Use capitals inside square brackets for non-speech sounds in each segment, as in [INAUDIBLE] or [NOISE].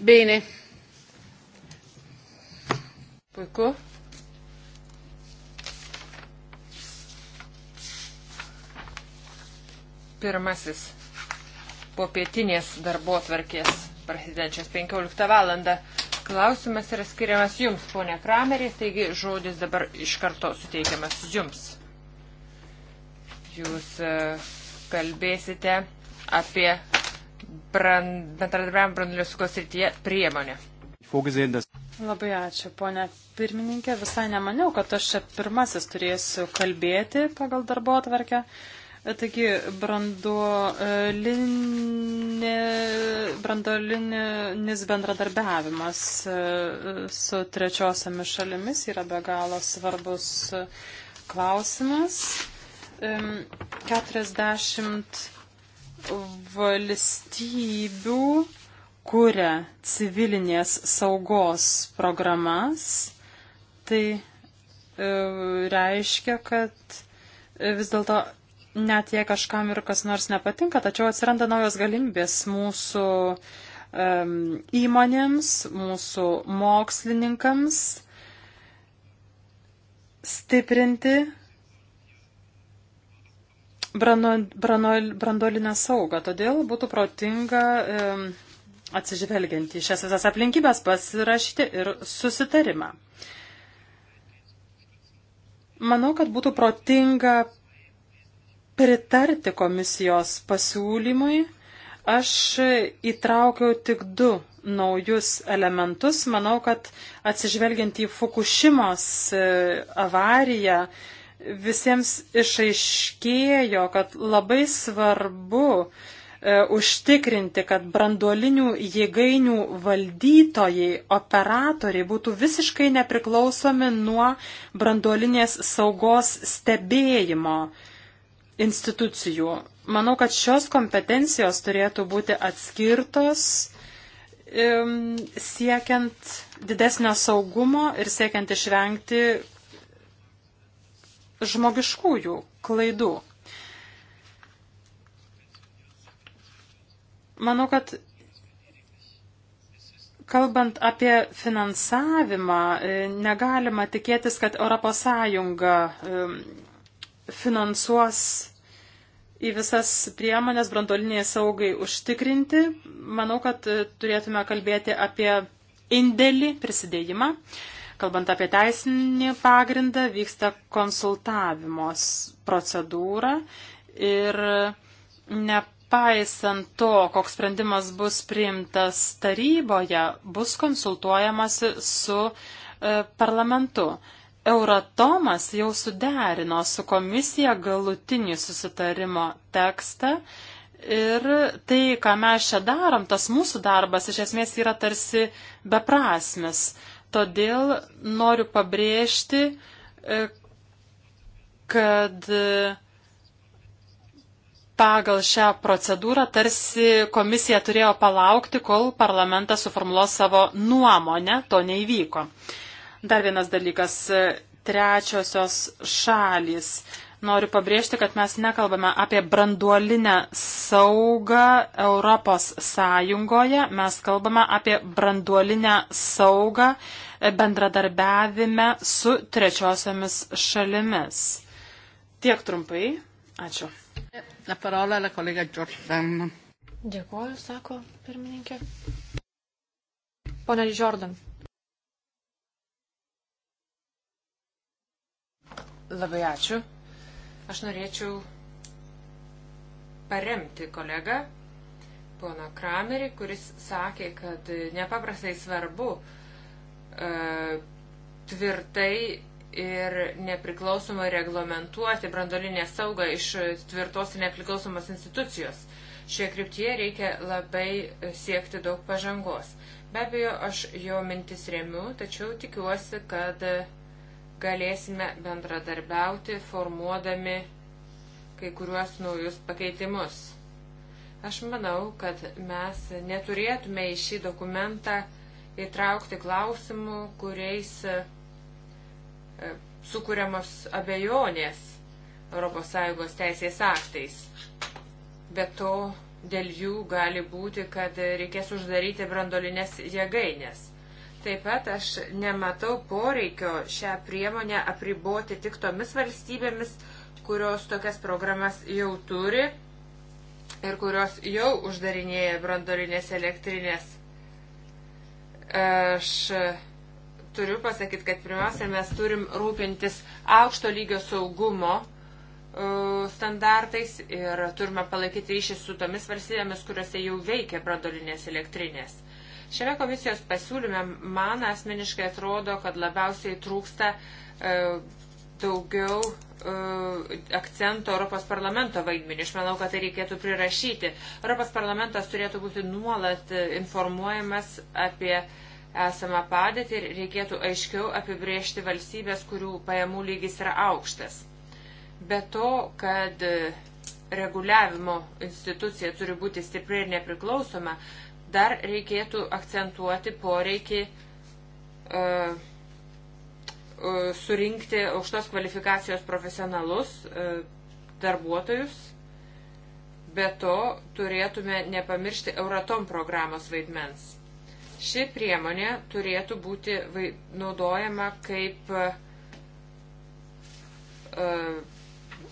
Bene. Puiku. Pirmasis popietinės darbo tvarkės prasidedančias 15 valandą. Klausimas yra skiriamas jums, ponė Kramerė, taigi žodis dabar iš karto suteikiamas jums. Jūs e, kalbėsite apie brand, bendradarbiavimo brandulio saugos srityje priemonė. Labai ačiū, ponė pirmininkė. Visai nemaniau, kad aš čia pirmasis turėsiu kalbėti pagal darbo atvarkę. Taigi, brandolinis bendradarbiavimas e, su trečiosiamis šalimis yra be galo svarbus klausimas. 40 valstybių kuria civilinės saugos programas, tai e, reiškia, kad e, vis dėlto net jei kažkam ir kas nors nepatinka, tačiau atsiranda naujos galimybės mūsų um, įmonėms, mūsų mokslininkams stiprinti branduolinę saugą. Todėl būtų protinga atsižvelgiant į šias visas aplinkybės pasirašyti ir susitarimą. Manau, kad būtų protinga pritarti komisijos pasiūlymui. Aš įtraukiau tik du naujus elementus. Manau, kad atsižvelgiant į Fukushimos e, avariją, visiems išaiškėjo, kad labai svarbu e, užtikrinti, kad branduolinių jėgainių valdytojai, operatoriai būtų visiškai nepriklausomi nuo branduolinės saugos stebėjimo institucijų. Manau, kad šios kompetencijos turėtų būti atskirtos e, siekiant didesnio saugumo ir siekiant išvengti žmogiškųjų klaidų. Manau, kad kalbant apie finansavimą, e, negalima tikėtis, kad ES e, finansuos į visas priemonės brandoliniai saugai užtikrinti. Manau, kad e, turėtume kalbėti apie indėlį prisidėjimą. Uh, Kalbant apie teisinį pagrindą, vyksta konsultavimos procedūra ir nepaisant to, koks sprendimas bus priimtas taryboje, bus konsultuojamasi su e, parlamentu. Euratomas jau suderino su komisija galutinį susitarimo tekstą ir tai, ką mes čia darom, tas mūsų darbas iš esmės yra tarsi beprasmis. Todėl noriu pabrėžti, e, kad e, pagal šią procedūrą tarsi komisija turėjo palaukti, kol parlamentas suformulos savo nuomonę, to neįvyko. Dar vienas dalykas e, - trečiosios šalis. Noriu pabrėžti, kad mes nekalbame apie branduolinę saugą Europos Sąjungoje, mes kalbame apie branduolinę saugą e, bendradarbiavime su trečiosiamis šalimis. Tiek trumpai. Ačiū. La parola alla collega Jordan. Dėkuoju, sako pirmininkė. Pone Jordan. Labai ačiū. Aš norėčiau paremti kolegą, pono Kramerį, kuris sakė, kad nepaprastai svarbu e, tvirtai ir nepriklausomai reglamentuoti brandolinę saugą iš tvirtos ir nepriklausomos institucijos. Šioje kryptyje reikia labai siekti daug pažangos. Be abejo, aš jo mintis remiu, tačiau tikiuosi, kad galėsime bendradarbiauti, formuodami kai kuriuos naujus pakeitimus. Aš manau, kad mes neturėtume į šį dokumentą įtraukti klausimų, kuriais e, sukūriamos abejonės ES teisės aktais. Be to, dėl jų gali būti, kad reikės uždaryti brandolinės jėgainės. Taip pat aš nematau poreikio šią priemonę apriboti tik tomis valstybėmis, kurios tokias programas jau turi ir kurios jau uždarinėja brandolinės elektrinės. Aš turiu pasakyti, kad pirmiausia, mes turim rūpintis aukšto lygio saugumo e, standartais ir turime palaikyti ryšį su tomis valstybėmis, kuriuose jau veikia brandolinės elektrinės. Šiame komisijos pasiūlyme man asmeniškai atrodo, kad labiausiai trūksta e, daugiau e, akcento Europos parlamento vaidmenį. Aš manau, kad tai reikėtų prirašyti. Europos parlamentas turėtų būti nuolat e, informuojamas apie esamą padėtį ir reikėtų aiškiau apibriežti valstybės, kurių pajamų lygis yra aukštas. Be to, kad e, reguliavimo institucija turi būti stipri ir nepriklausoma, Dar reikėtų akcentuoti poreikį uh, surinkti aukštos kvalifikacijos profesionalus uh, darbuotojus. Be to turėtume nepamiršti Euratom programos vaidmens. Ši priemonė turėtų būti naudojama kaip uh,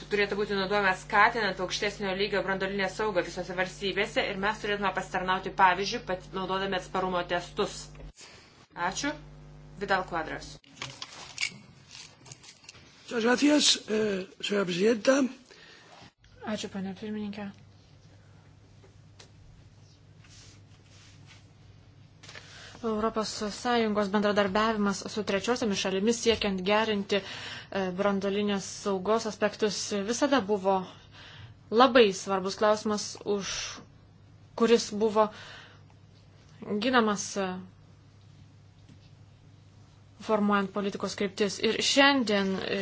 turėtų būti naudojamas skatinant aukštesnio lygio brandolinę saugą visose valstybėse ir mes turėtume pasitarnauti pavyzdžių, pat naudodami atsparumo testus. Ačiū. Vidal Quadras. Eh, Ačiū, panė pirmininkė. Europos Sąjungos bendradarbiavimas su trečiosiamis šalimis siekiant gerinti uh, E, brandolinės saugos aspektus visada buvo labai svarbus klausimas, už kuris buvo ginamas e, formuojant politikos kryptis. Ir šiandien e,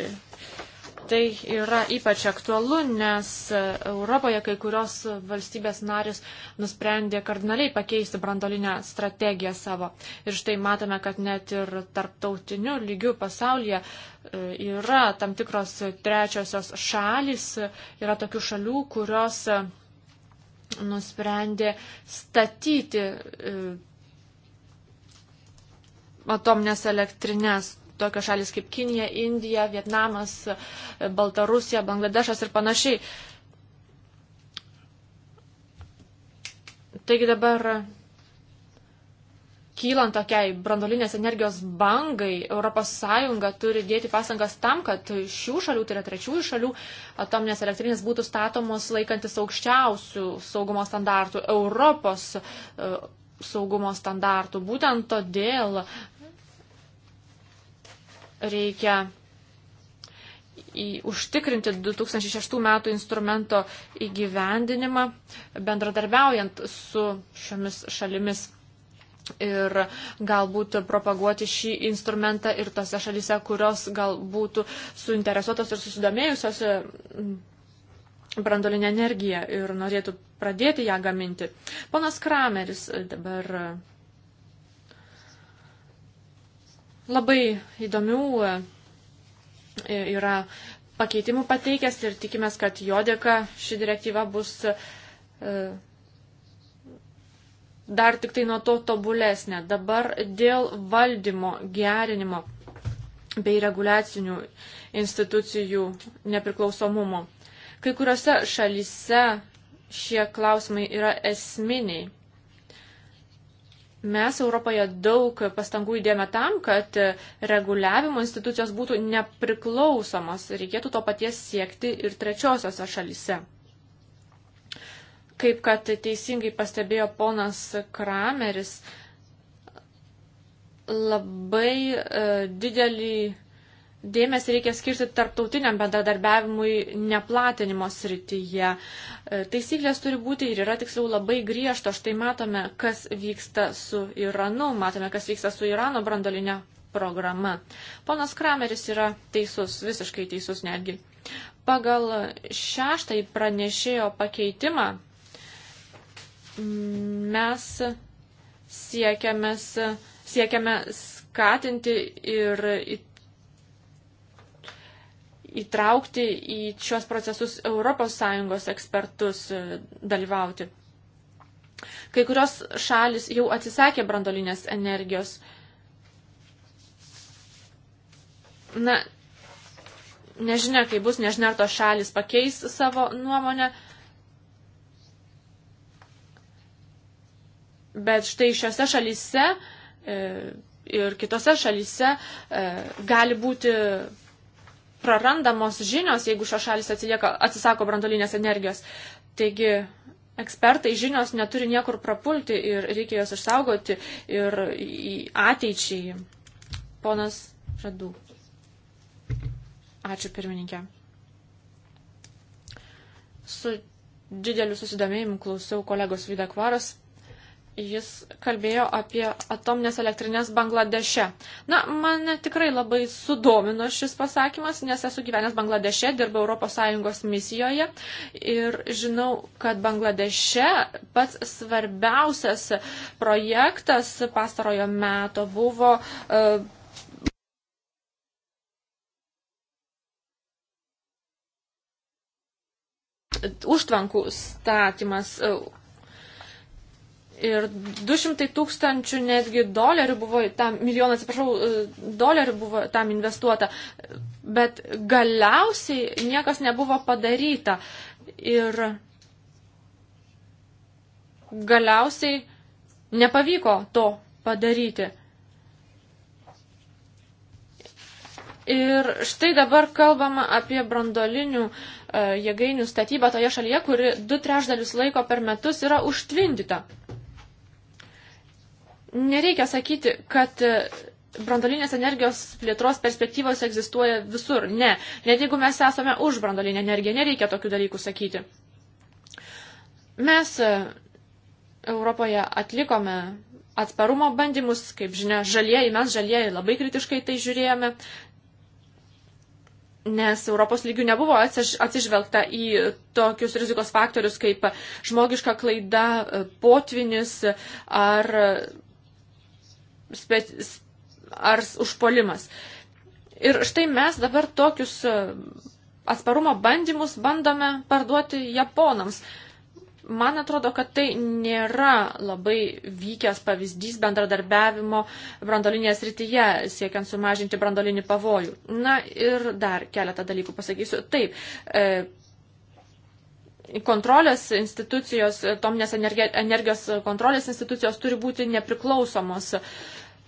Tai yra ypač aktualu, nes Europoje kai kurios valstybės narės nusprendė kardinaliai pakeisti brandolinę strategiją savo. Ir štai matome, kad net ir tarptautiniu lygiu pasaulyje e, yra tam tikros trečiosios šalis, yra tokių šalių, kurios e, nusprendė statyti e, atominės elektrinės tokios šalis kaip Kinija, Indija, Vietnamas, Baltarusija, Bangladešas ir panašiai. Taigi dabar kylant tokiai brandolinės energijos bangai, ES turi dėti pasangas tam, kad šių šalių, tai yra trečiųjų šalių, atominės elektrinės būtų statomos laikantis aukščiausių saugumo standartų, Europos e, saugumo standartų. Būtent todėl reikia į, užtikrinti 2006 metų instrumento įgyvendinimą, bendradarbiaujant su šiomis šalimis ir galbūt propaguoti šį instrumentą ir tose šalise, kurios galbūt suinteresuotos ir susidomėjusios brandolinė energija ir norėtų pradėti ją gaminti. Ponas Krameris dabar Labai įdomių e, yra pakeitimų pateikęs ir tikimės, kad jo dėka ši direktyva bus e, dar tik tai nuo to tobulesnė. Dabar dėl valdymo gerinimo bei reguliacinių institucijų nepriklausomumo. Kai kuriuose šalyse šie klausimai yra esminiai. Mes Europoje daug pastangų įdėjome tam, kad reguliavimo institucijos būtų nepriklausomos. Reikėtų to paties siekti ir trečiosiose šalise. Kaip kad teisingai pastebėjo ponas Krameris, labai e, didelį dėmesį reikia skirti tarptautiniam bendradarbiavimui neplatinimo srityje. E, taisyklės turi būti ir yra tiksliau labai griežto. Štai matome, kas vyksta su Iranu, matome, kas vyksta su Irano brandolinė programa. Ponas Krameris yra teisus, visiškai teisus netgi. Pagal šeštąjį pranešėjo pakeitimą mes siekiame, siekiame skatinti ir įtraukti į šios procesus ES ekspertus e, dalyvauti. Kai kurios šalis jau atsisakė brandolinės energijos. Na, nežinia, kai bus, nežinia, ar tos šalis pakeis savo nuomonę. Bet štai šiuose šalyse e, ir kitose šalyse e, gali būti prarandamos žinios, jeigu šios šalis atsilieka, atsisako brandolinės energijos. Taigi ekspertai žinios neturi niekur prapulti ir reikia jos išsaugoti ir į ateičiai. Ponas Žadu. Ačiū pirmininkė. Su dideliu susidomėjimu klausiau kolegos Vida Kvaras Jis kalbėjo apie atominės elektrinės Bangladeše. Na, mane tikrai labai sudomino šis pasakymas, nes esu gyvenęs Bangladeše, dirbau ES misijoje ir žinau, kad Bangladeše pats svarbiausias projektas pastarojo meto buvo uh, užtvankų statymas. Uh, Ir 200 tūkstančių netgi dolerių buvo, tam, milijoną atsiprašau, e, dolerių buvo tam investuota, bet galiausiai niekas nebuvo padaryta. Ir galiausiai nepavyko to padaryti. Ir štai dabar kalbama apie brandolinių e, jėgainių statybą toje šalyje, kuri du trešdalius laiko per metus yra užtvindyta. Nereikia sakyti, kad e, brandolinės energijos plėtros perspektyvos egzistuoja visur. Ne, net jeigu mes esame už brandolinę energiją, nereikia tokių dalykų sakyti. Mes e, Europoje atlikome atsparumo bandymus, kaip žinia, žalieji, mes žalieji labai kritiškai tai žiūrėjome, nes Europos lygių nebuvo atsižvelgta į tokius rizikos faktorius kaip žmogiška klaida, e, potvinis ar ar užpolimas. Ir štai mes dabar tokius e, atsparumo bandymus bandome parduoti japonams. Man atrodo, kad tai nėra labai vykęs pavyzdys bendradarbiavimo brandolinėje srityje, siekiant sumažinti brandolinį pavojų. Na ir dar keletą dalykų pasakysiu. Taip, e, kontrolės institucijos, tomnės energijos kontrolės institucijos turi būti nepriklausomos.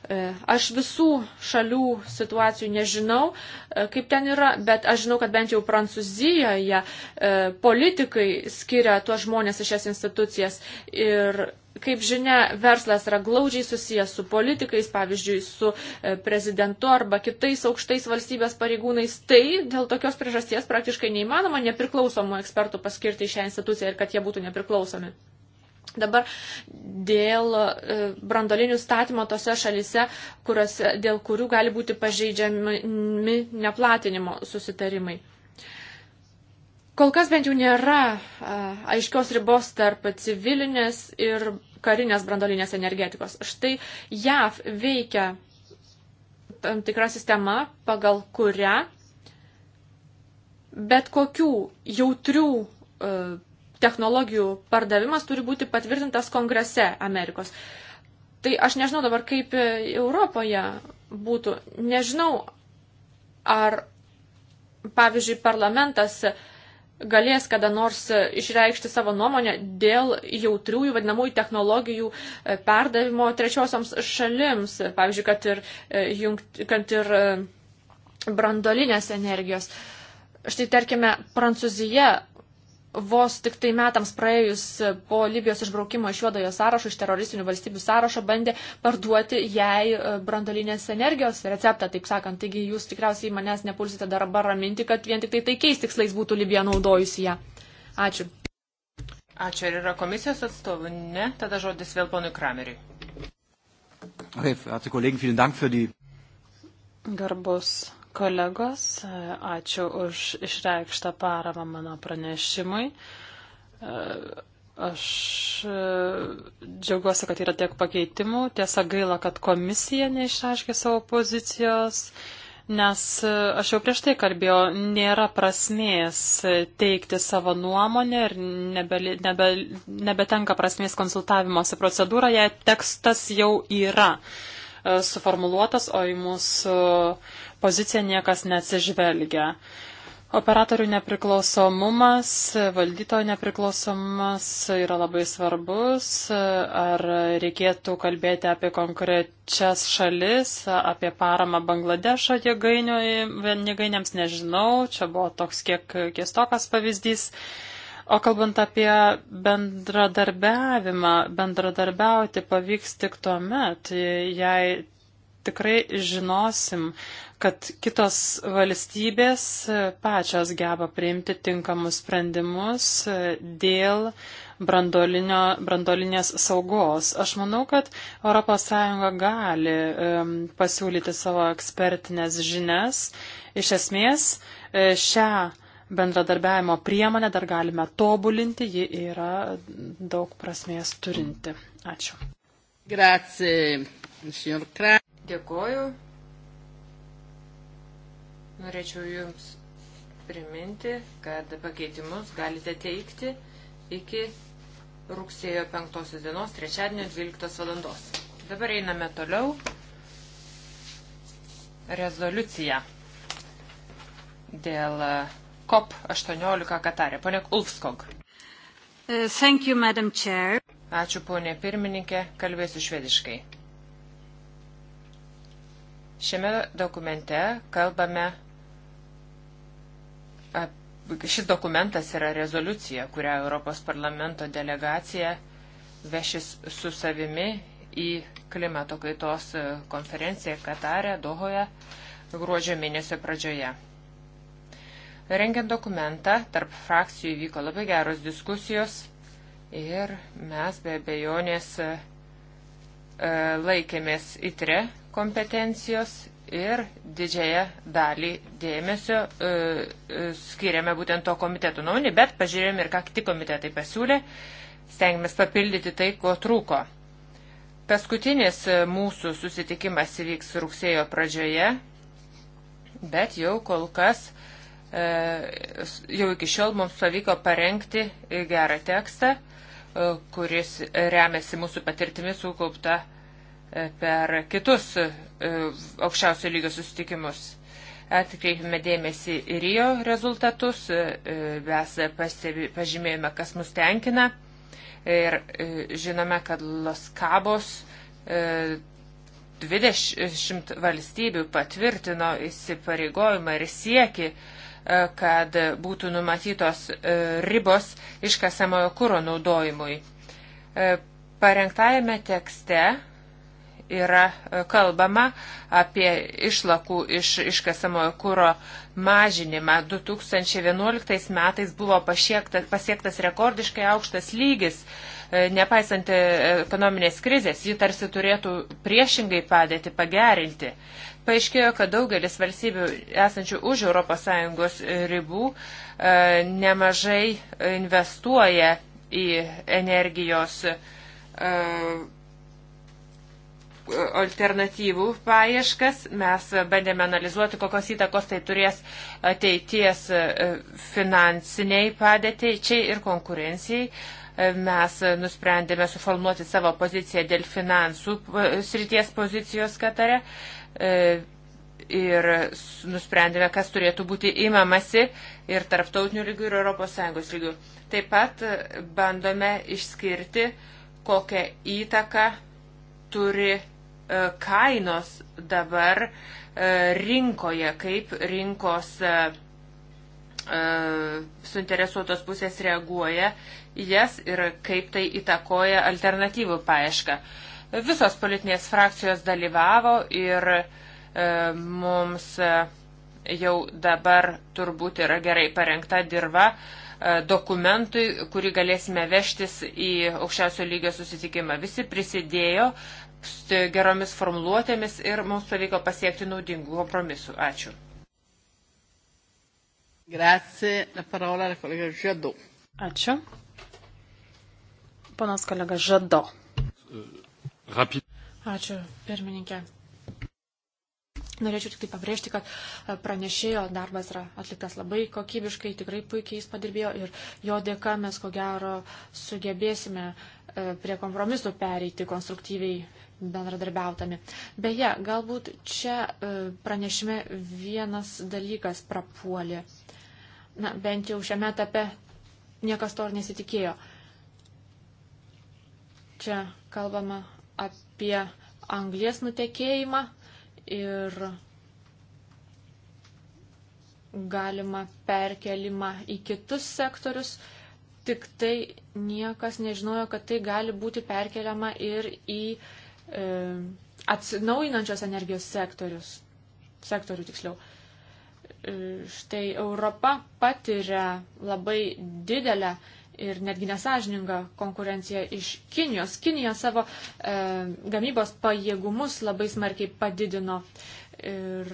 E, aš visų šalių situacijų nežinau, e, kaip ten yra, bet aš žinau, kad bent jau Prancūzijoje e, politikai skiria tuos žmonės į šias institucijas ir Kaip žinia, verslas yra glaudžiai susijęs su politikais, pavyzdžiui, su e, prezidentu arba kitais aukštais valstybės pareigūnais. Tai dėl tokios priežasties praktiškai neįmanoma nepriklausomų ekspertų paskirti į šią instituciją ir kad jie būtų nepriklausomi. Dabar dėl e, brandolinių statymo tose šalise, kurios, dėl kurių gali būti pažeidžiami neplatinimo susitarimai. Kol kas bent jau nėra e, aiškios ribos tarp civilinės ir karinės brandolinės energetikos. Štai JAV veikia tam tikra sistema, pagal kurią bet kokių jautrių e, technologijų pardavimas turi būti patvirtintas kongrese Amerikos. Tai aš nežinau dabar, kaip e, Europoje būtų. Nežinau, ar, pavyzdžiui, parlamentas galės kada nors e, išreikšti savo nuomonę dėl jautriųjų vadinamųjų technologijų e, perdavimo trečiosioms šalims, pavyzdžiui, kad ir, e, jungt, kad ir brandolinės energijos. Štai tarkime, Prancūzija vos tik tai metams praėjus po Libijos išbraukimo iš juodojo sąrašo, iš teroristinių valstybių sąrašo, bandė parduoti jai e, brandolinės energijos receptą, taip sakant. Taigi jūs tikriausiai manęs nepulsite dabar raminti, kad vien tik tai taikiais tikslais būtų Libija naudojusi ją. Ačiū. Ačiū. Ar yra komisijos atstovų? Ne. Tada žodis vėl ponui Krameriui. Okay, Garbus kolegos, ačiū už išreikštą paramą mano pranešimui. Aš džiaugiuosi, kad yra tiek pakeitimų. Tiesa gaila, kad komisija neišreiškė savo pozicijos, nes aš jau prieš tai kalbėjau, nėra prasmės teikti savo nuomonę ir nebe, nebe, nebetenka prasmės konsultavimuose procedūra, jei tekstas jau yra. Uh, E, suformuluotas, o į mūsų poziciją niekas neatsižvelgia. Operatorių nepriklausomumas, valdytojo nepriklausomumas yra labai svarbus. Ar reikėtų kalbėti apie konkrečias šalis, apie paramą Bangladešo jėgainiams, nežinau. Čia buvo toks kiek kestokas pavyzdys. Uh, O kalbant apie bendradarbiavimą, bendradarbiauti pavyks tik tuo met, jei tikrai žinosim, kad kitos valstybės pačios geba priimti tinkamus sprendimus dėl brandolinės saugos. Aš manau, kad ES gali um, pasiūlyti savo ekspertinės žinias. Iš esmės, e, šią bendradarbiavimo priemonę dar galime tobulinti, ji yra daug prasmės turinti. Ačiū. Grazie, signor Kra. Dėkoju. Norėčiau Jums priminti, kad pakeitimus galite teikti iki rugsėjo 5 dienos, trečiadienio 12 valandos. Dabar einame toliau. Rezoliucija dėl COP18 Katarė. Pone Ulfskog. Uh, thank you, Madam Chair. Ačiū, ponė pirmininkė, kalbėsiu švediškai. Šiame dokumente kalbame, šis dokumentas yra rezoliucija, kurią Europos parlamento delegacija vešis su savimi į klimato kaitos konferenciją Katare, Dohoje, gruodžio mėnesio pradžioje. Rengiant dokumentą, tarp frakcijų įvyko labai geros diskusijos ir mes be abejonės e, e, laikėmės įtre kompetencijos ir didžiąją dalį dėmesio e, e, skiriame būtent to komiteto nuomonį, bet pažiūrėjome ir ką kiti komitetai pasiūlė, stengiamės papildyti tai, ko trūko. Paskutinis e, mūsų susitikimas įvyks rugsėjo pradžioje, bet jau kol kas E, jau iki šiol mums pavyko parengti gerą tekstą, e, kuris remiasi mūsų patirtimi sukaupta e, per kitus aukščiausio lygio susitikimus. Atkreipime dėmesį į Rio rezultatus, mes pastebi, pažymėjome, kas mus tenkina ir žinome, kad Los Cabos 20 valstybių patvirtino įsipareigojimą ir sieki kad būtų numatytos e, ribos iškasamojo kūro naudojimui. E, parengtajame tekste yra e, kalbama apie išlakų iš iškasamojo kūro mažinimą. 2011 metais buvo pasiektas, pasiektas rekordiškai aukštas lygis, nepaisant ekonominės krizės, ji tarsi turėtų priešingai padėti pagerinti paaiškėjo, kad daugelis valstybių esančių už ES ribų e, nemažai investuoja į energijos e, alternatyvų paieškas. Mes bandėme analizuoti, kokios įtakos tai turės ateities e, finansiniai padėteičiai ir konkurencijai. Mes nusprendėme suformuoti savo poziciją dėl finansų srities pozicijos Katare. E, ir nusprendėme, kas turėtų būti įmamasi ir tarptautinių lygių, ir ES lygių. Taip pat bandome išskirti, kokią įtaką turi e, kainos dabar e, rinkoje, kaip rinkos suinteresuotos pusės reaguoja į jas ir kaip tai įtakoja alternatyvų paaišką. Visos politinės frakcijos dalyvavo ir e, mums e, jau dabar turbūt yra gerai parengta dirba e, dokumentui, kurį galėsime vežtis į aukščiausio lygio susitikimą. Visi prisidėjo geromis formuluotėmis ir mums pavyko pasiekti naudingų kompromisų. Ačiū. Grazie, la parola alla collega Jadot. Ačiū. Panas kolega Žado. E, rapid. Ačiū, pirmininkė. Norėčiau tik tai pabrėžti, kad e, pranešėjo darbas yra atliktas labai kokybiškai, tikrai puikiai jis padirbėjo ir jo dėka mes ko gero sugebėsime e, prie kompromisų pereiti konstruktyviai bendradarbiautami. Beje, galbūt čia e, pranešime vienas dalykas prapuolė. Na, bent jau šiame etape niekas to ir nesitikėjo. Čia kalbama apie anglės nutekėjimą ir galima perkelimą į kitus sektorius, tik tai niekas nežinojo, kad tai gali būti perkeliama ir į e, atsinaujinančios energijos sektorius. Sektorių tiksliau. E, štai Europa patiria labai didelę e, ir netgi nesažininga konkurencija iš Kinijos. Kinija savo e, gamybos pajėgumus labai smarkiai padidino. Ir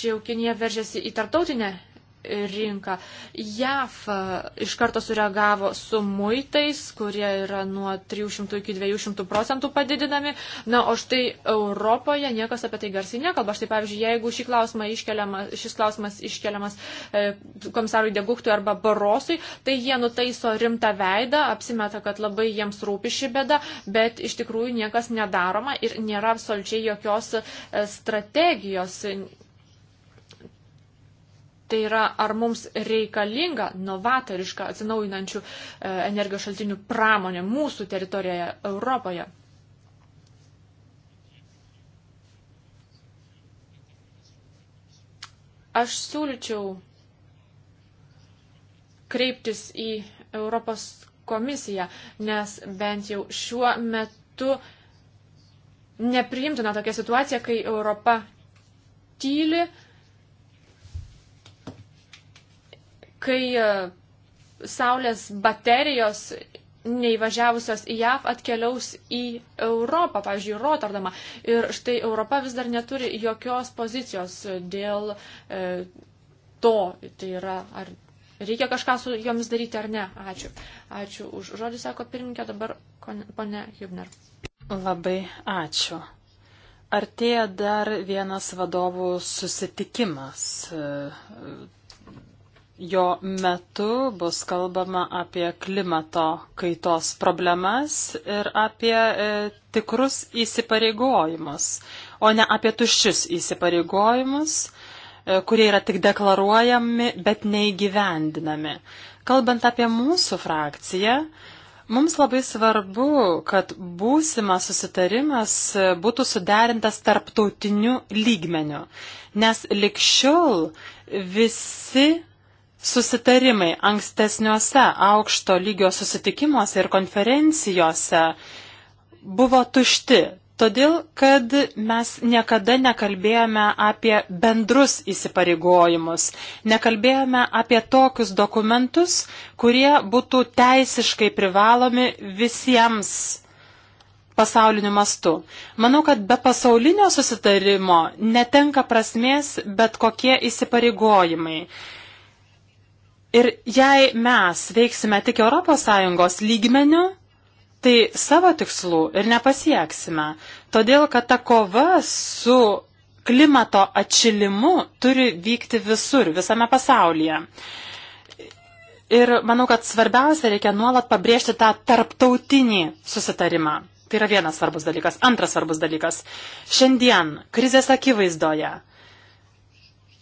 čia jau Kinija veržiasi į tartautinę rinką. JAF e, iš karto sureagavo su muitais, kurie yra nuo 300 iki 200 procentų padidinami. Na, o štai Europoje niekas apie tai garsiai nekalba. Štai pavyzdžiui, jeigu klausimą šis klausimas iškeliamas e, komisarui Deguktui arba Barosui, tai jie nutaiso rimtą veidą, apsimeta, kad labai jiems rūpi ši bėda, bet iš tikrųjų niekas nedaroma ir nėra absoliučiai jokios e, strategijos Tai yra, ar mums reikalinga novatoriška atsinaujinančių e, energijos šaltinių pramonė mūsų teritorijoje Europoje. Aš siūlyčiau kreiptis į Europos komisiją, nes bent jau šiuo metu nepriimtina tokia situacija, kai Europa tyli, kai e, saulės baterijos neįvažiavusios į JAV atkeliaus į Europą, pavyzdžiui, Rotterdamą. Ir štai Europa vis dar neturi jokios pozicijos dėl e, to. Tai yra, ar reikia kažką su jomis daryti ar ne. Ačiū. Ačiū už žodį, sako pirmininkė, dabar ponė Hübner. Labai ačiū. Artėja dar vienas vadovų susitikimas. E, Jo metu bus kalbama apie klimato kaitos problemas ir apie e, tikrus įsipareigojimus, o ne apie tuščius įsipareigojimus, e, kurie yra tik deklaruojami, bet neįgyvendinami. Kalbant apie mūsų frakciją, Mums labai svarbu, kad būsimas susitarimas būtų suderintas tarptautiniu lygmeniu, nes likščiol visi susitarimai ankstesniuose aukšto lygio susitikimuose ir konferencijose buvo tušti, todėl kad mes niekada nekalbėjome apie bendrus įsipareigojimus, nekalbėjome apie tokius dokumentus, kurie būtų teisiškai privalomi visiems pasauliniu mastu. Manau, kad be pasaulinio susitarimo netenka prasmės bet kokie įsipareigojimai. Ir jei mes veiksime tik ES lygmeniu, tai savo tikslų ir nepasieksime. Todėl, kad ta kova su klimato atšilimu turi vykti visur, visame pasaulyje. Ir manau, kad svarbiausia reikia nuolat pabrėžti tą tarptautinį susitarimą. Tai yra vienas svarbus dalykas. Antras svarbus dalykas. Šiandien krizės akivaizdoje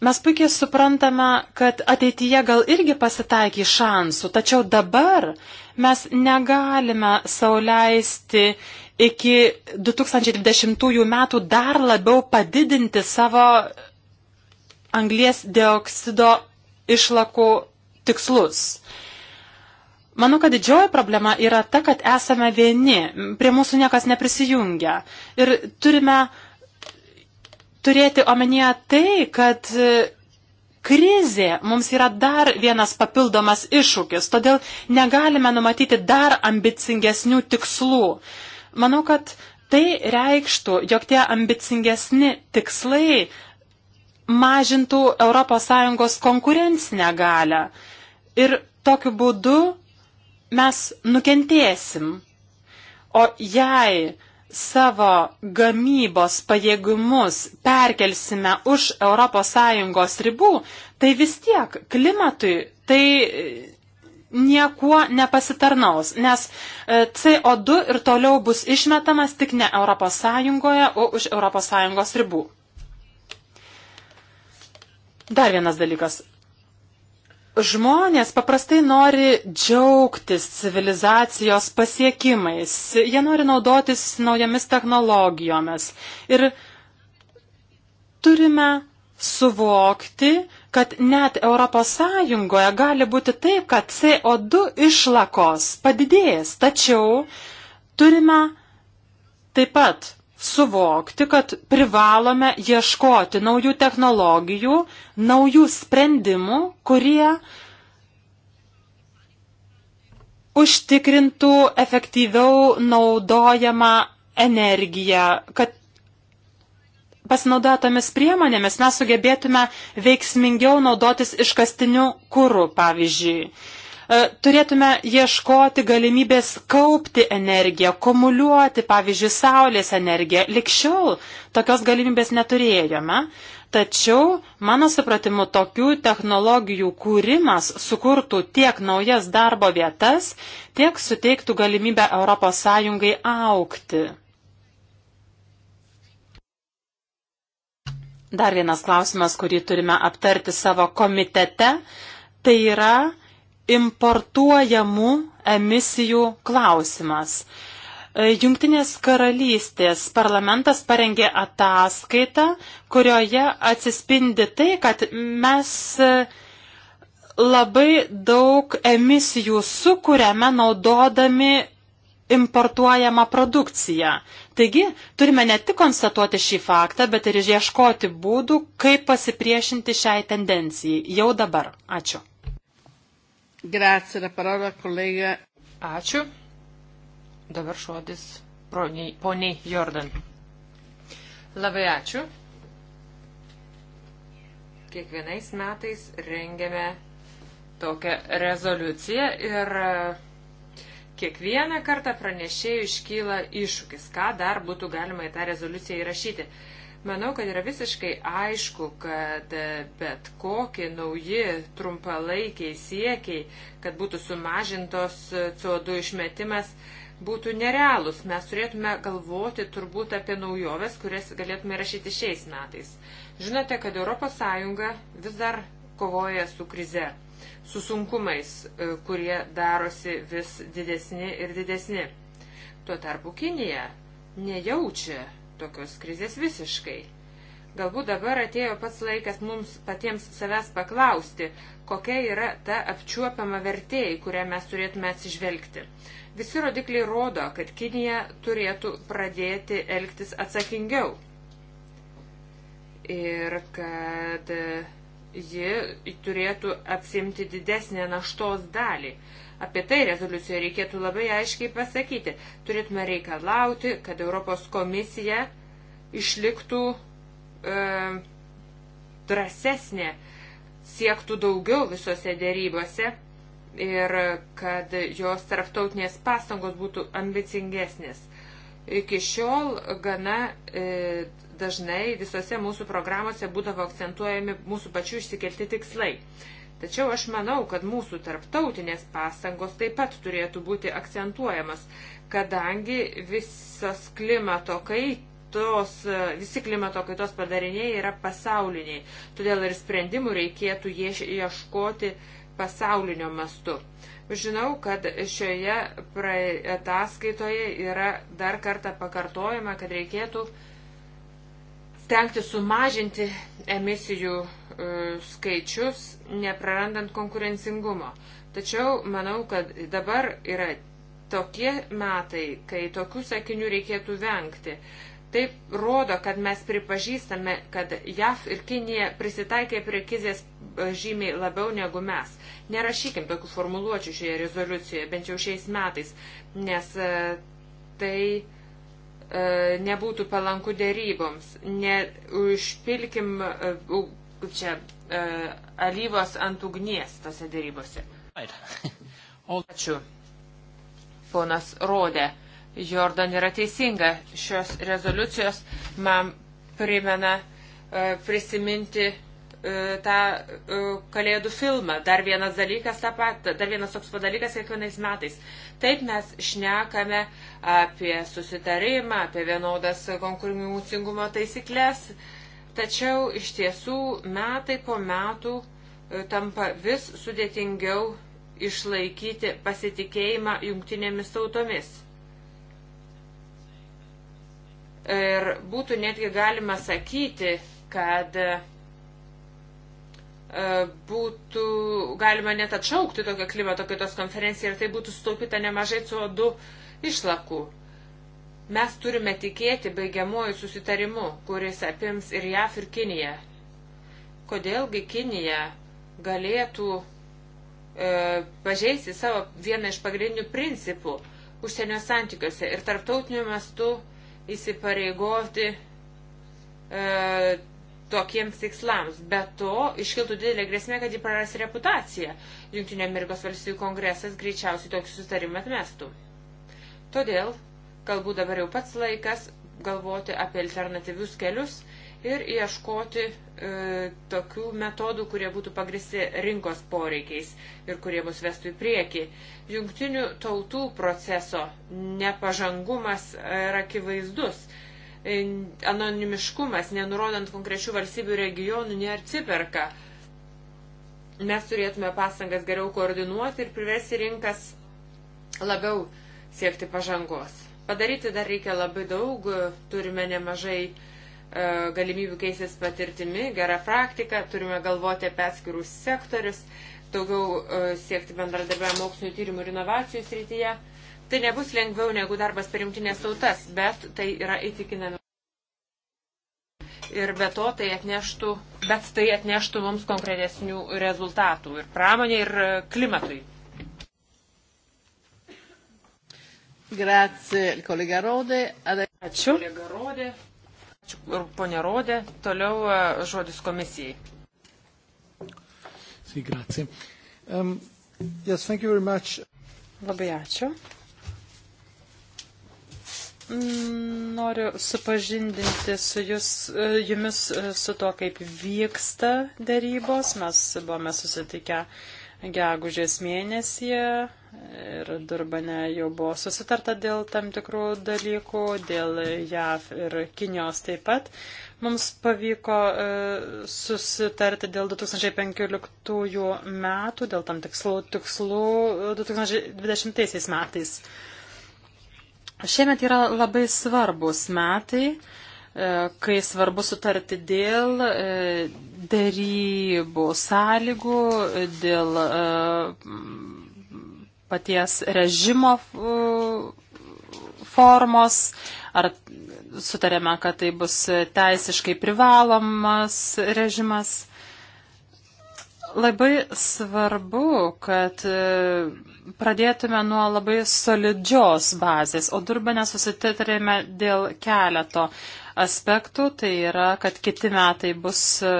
Mes puikiai suprantame, kad ateityje gal irgi pasitaikys šansų, tačiau dabar mes negalime sauliaisti iki 2020 metų dar labiau padidinti savo anglies dioksido išlakų tikslus. Manau, kad didžioji problema yra ta, kad esame vieni, prie mūsų niekas neprisijungia ir turime uh, turėti omenyje tai, kad e, krizė mums yra dar vienas papildomas iššūkis, todėl negalime numatyti dar ambicingesnių tikslų. Manau, kad tai reikštų, jog tie ambicingesni tikslai mažintų ES konkurencinę galę. Ir tokiu būdu mes nukentėsim. O jei savo gamybos pajėgumus perkelsime už ES ribų, tai vis tiek klimatui tai e, niekuo nepasitarnaus, nes e, CO2 ir toliau bus išmetamas tik ne ES, o už ES ribų. Dar vienas dalykas. Žmonės paprastai nori džiaugtis civilizacijos pasiekimais, jie nori naudotis naujomis technologijomis. Ir turime suvokti, kad net ES gali būti taip, kad CO2 išlakos padidės, tačiau turime taip pat suvokti, kad privalome ieškoti naujų technologijų, naujų sprendimų, kurie užtikrintų efektyviau naudojamą energiją, kad pasinaudotomis priemonėmis mes sugebėtume veiksmingiau naudotis iškastiniu kūru, pavyzdžiui. E, turėtume ieškoti galimybės kaupti energiją, kumuliuoti, pavyzdžiui, saulės energiją. Likščiau tokios galimybės neturėjome, tačiau mano supratimu tokių technologijų kūrimas sukurtų tiek naujas darbo vietas, tiek suteiktų galimybę ES aukti. Dar vienas klausimas, kurį turime aptarti savo komitete, tai yra importuojamų emisijų klausimas. E, Junktinės karalystės parlamentas parengė ataskaitą, kurioje atsispindi tai, kad mes e, labai daug emisijų sukūrėme naudodami importuojamą produkciją. Taigi, turime ne tik konstatuoti šį faktą, bet ir išieškoti būdų, kaip pasipriešinti šiai tendencijai jau dabar. Ačiū. Grazie, la parola kolega. Ačiū. Dabar žodis poniai Jordan. Labai ačiū. Kiekvienais metais rengiame tokią rezoliuciją ir e, kiekvieną kartą pranešėjų iškyla iššūkis, ką dar būtų galima į tą rezoliuciją įrašyti. Manau, kad yra visiškai aišku, kad bet kokie nauji trumpalaikiai siekiai, kad būtų sumažintos CO2 išmetimas, būtų nerealūs. Mes turėtume galvoti turbūt apie naujoves, kurias galėtume rašyti šiais metais. Žinote, kad ES vis dar kovoja su krize, su sunkumais, e, kurie darosi vis didesni ir didesni. Tuo tarpu Kinija nejaučia tokios krizės visiškai. Galbūt dabar atėjo pats laikas mums patiems savęs paklausti, kokia yra ta apčiuopiama vertė, į kurią mes turėtume atsižvelgti. Visi rodikliai rodo, kad Kinija turėtų pradėti elgtis atsakingiau. Ir kad ji turėtų apsimti didesnę naštos dalį. Apie tai rezoliucijoje reikėtų labai aiškiai pasakyti. Turėtume reikalauti, kad Europos komisija išliktų e, drąsesnė, siektų daugiau visose dėrybose ir kad jos tarptautinės pastangos būtų ambicingesnės. Iki šiol gana e, dažnai visose mūsų programuose būdavo akcentuojami mūsų pačių išsikelti tikslai. Tačiau aš manau, kad mūsų tarptautinės pastangos taip pat turėtų būti akcentuojamas, kadangi visas klimato kaitos, visi klimato kaitos padariniai yra pasauliniai, todėl ir sprendimų reikėtų ieškoti pasaulinio mastu. Žinau, kad šioje ataskaitoje yra dar kartą pakartojama, kad reikėtų stengti sumažinti emisijų E, skaičius, neprarandant konkurencingumo. Tačiau manau, kad dabar yra tokie metai, kai tokių sakinių reikėtų vengti. Taip rodo, kad mes pripažįstame, kad JAV ir Kinija prisitaikė prie krizės e, žymiai labiau negu mes. Nerašykim tokių formuluočių šioje rezoliucijoje, bent jau šiais metais, nes e, tai e, nebūtų palanku dėryboms. Neužpilkim e, čia e, alyvos ant ugnies tose dėrybose. [LAUGHS] Ačiū. Ponas Rodė, Jordan yra teisinga. Šios rezoliucijos man primena e, prisiminti e, tą e, kalėdų filmą. Dar vienas dalykas, tą pat, dar vienas toks padalykas kiekvienais metais. Taip mes šnekame apie susitarimą, apie vienodas konkurencingumo taisyklės, Tačiau iš tiesų metai po metų e, tampa vis sudėtingiau išlaikyti pasitikėjimą jungtinėmis tautomis. Ir būtų netgi galima sakyti, kad e, būtų galima net atšaukti tokią klimato kaitos konferenciją ir tai būtų sutaupyta nemažai CO2 išlakų. Mes turime tikėti baigiamuoju susitarimu, kuris apims ir JAF, ir Kiniją. Kodėlgi Kinija galėtų e, pažeisti savo vieną iš pagrindinių principų užsienio santykiuose ir tarptautiniu mastu įsipareigoti e, tokiems tikslams. Be to, iškiltų didelė grėsmė, kad ji praras reputaciją. Junktinio Amerikos valstybių kongresas greičiausiai tokį susitarimą atmestų. Todėl Galbūt dabar jau pats laikas galvoti apie alternatyvius kelius ir ieškoti e, tokių metodų, kurie būtų pagristi rinkos poreikiais ir kurie mus vestų į priekį. Jungtinių tautų proceso nepažangumas yra akivaizdus. E, anonimiškumas, nenurodant konkrečių valstybių regionų, neatsiperka. Mes turėtume pastangas geriau koordinuoti ir priversti rinkas labiau siekti pažangos. Padaryti dar reikia labai daug, turime nemažai e, galimybių keistis patirtimi, gerą praktiką, turime galvoti apie atskirus sektorius, daugiau e, siekti bendradarbiavimo mokslinio tyrimų ir inovacijų srityje. Tai nebus lengviau negu darbas per jungtinės tautas, bet tai yra įtikinami. Ir be to tai atneštų, bet tai atneštų mums konkretesnių rezultatų ir pramonė ir e, klimatui. Grazie, kolega Rodė. Ačiū. Kolega Rodė. Ačiū, ponė Rodė. Toliau e, žodis komisijai. Sì, grazie. Um, yes, thank you very much. Labai ačiū. Noriu supažindinti su jūs, e, jumis e, su to, kaip vyksta dėrybos. Mes buvome susitikę uh, gegužės mėnesį ir Durbane jau buvo susitarta dėl tam tikrų dalykų, dėl JAV ir Kinijos taip pat. Mums pavyko e, susitarti dėl 2015 metų, dėl tam tikslų, tikslų 2020 metais. Šiemet yra labai svarbus metai. E, kai svarbu sutarti dėl e, dėrybų sąlygų, dėl e, paties režimo formos, ar sutarėme, kad tai bus teisiškai privalomas režimas. Labai svarbu, kad pradėtume nuo labai solidžios bazės, o durbane susitarėme dėl keleto aspektų, tai yra, kad kiti metai bus e,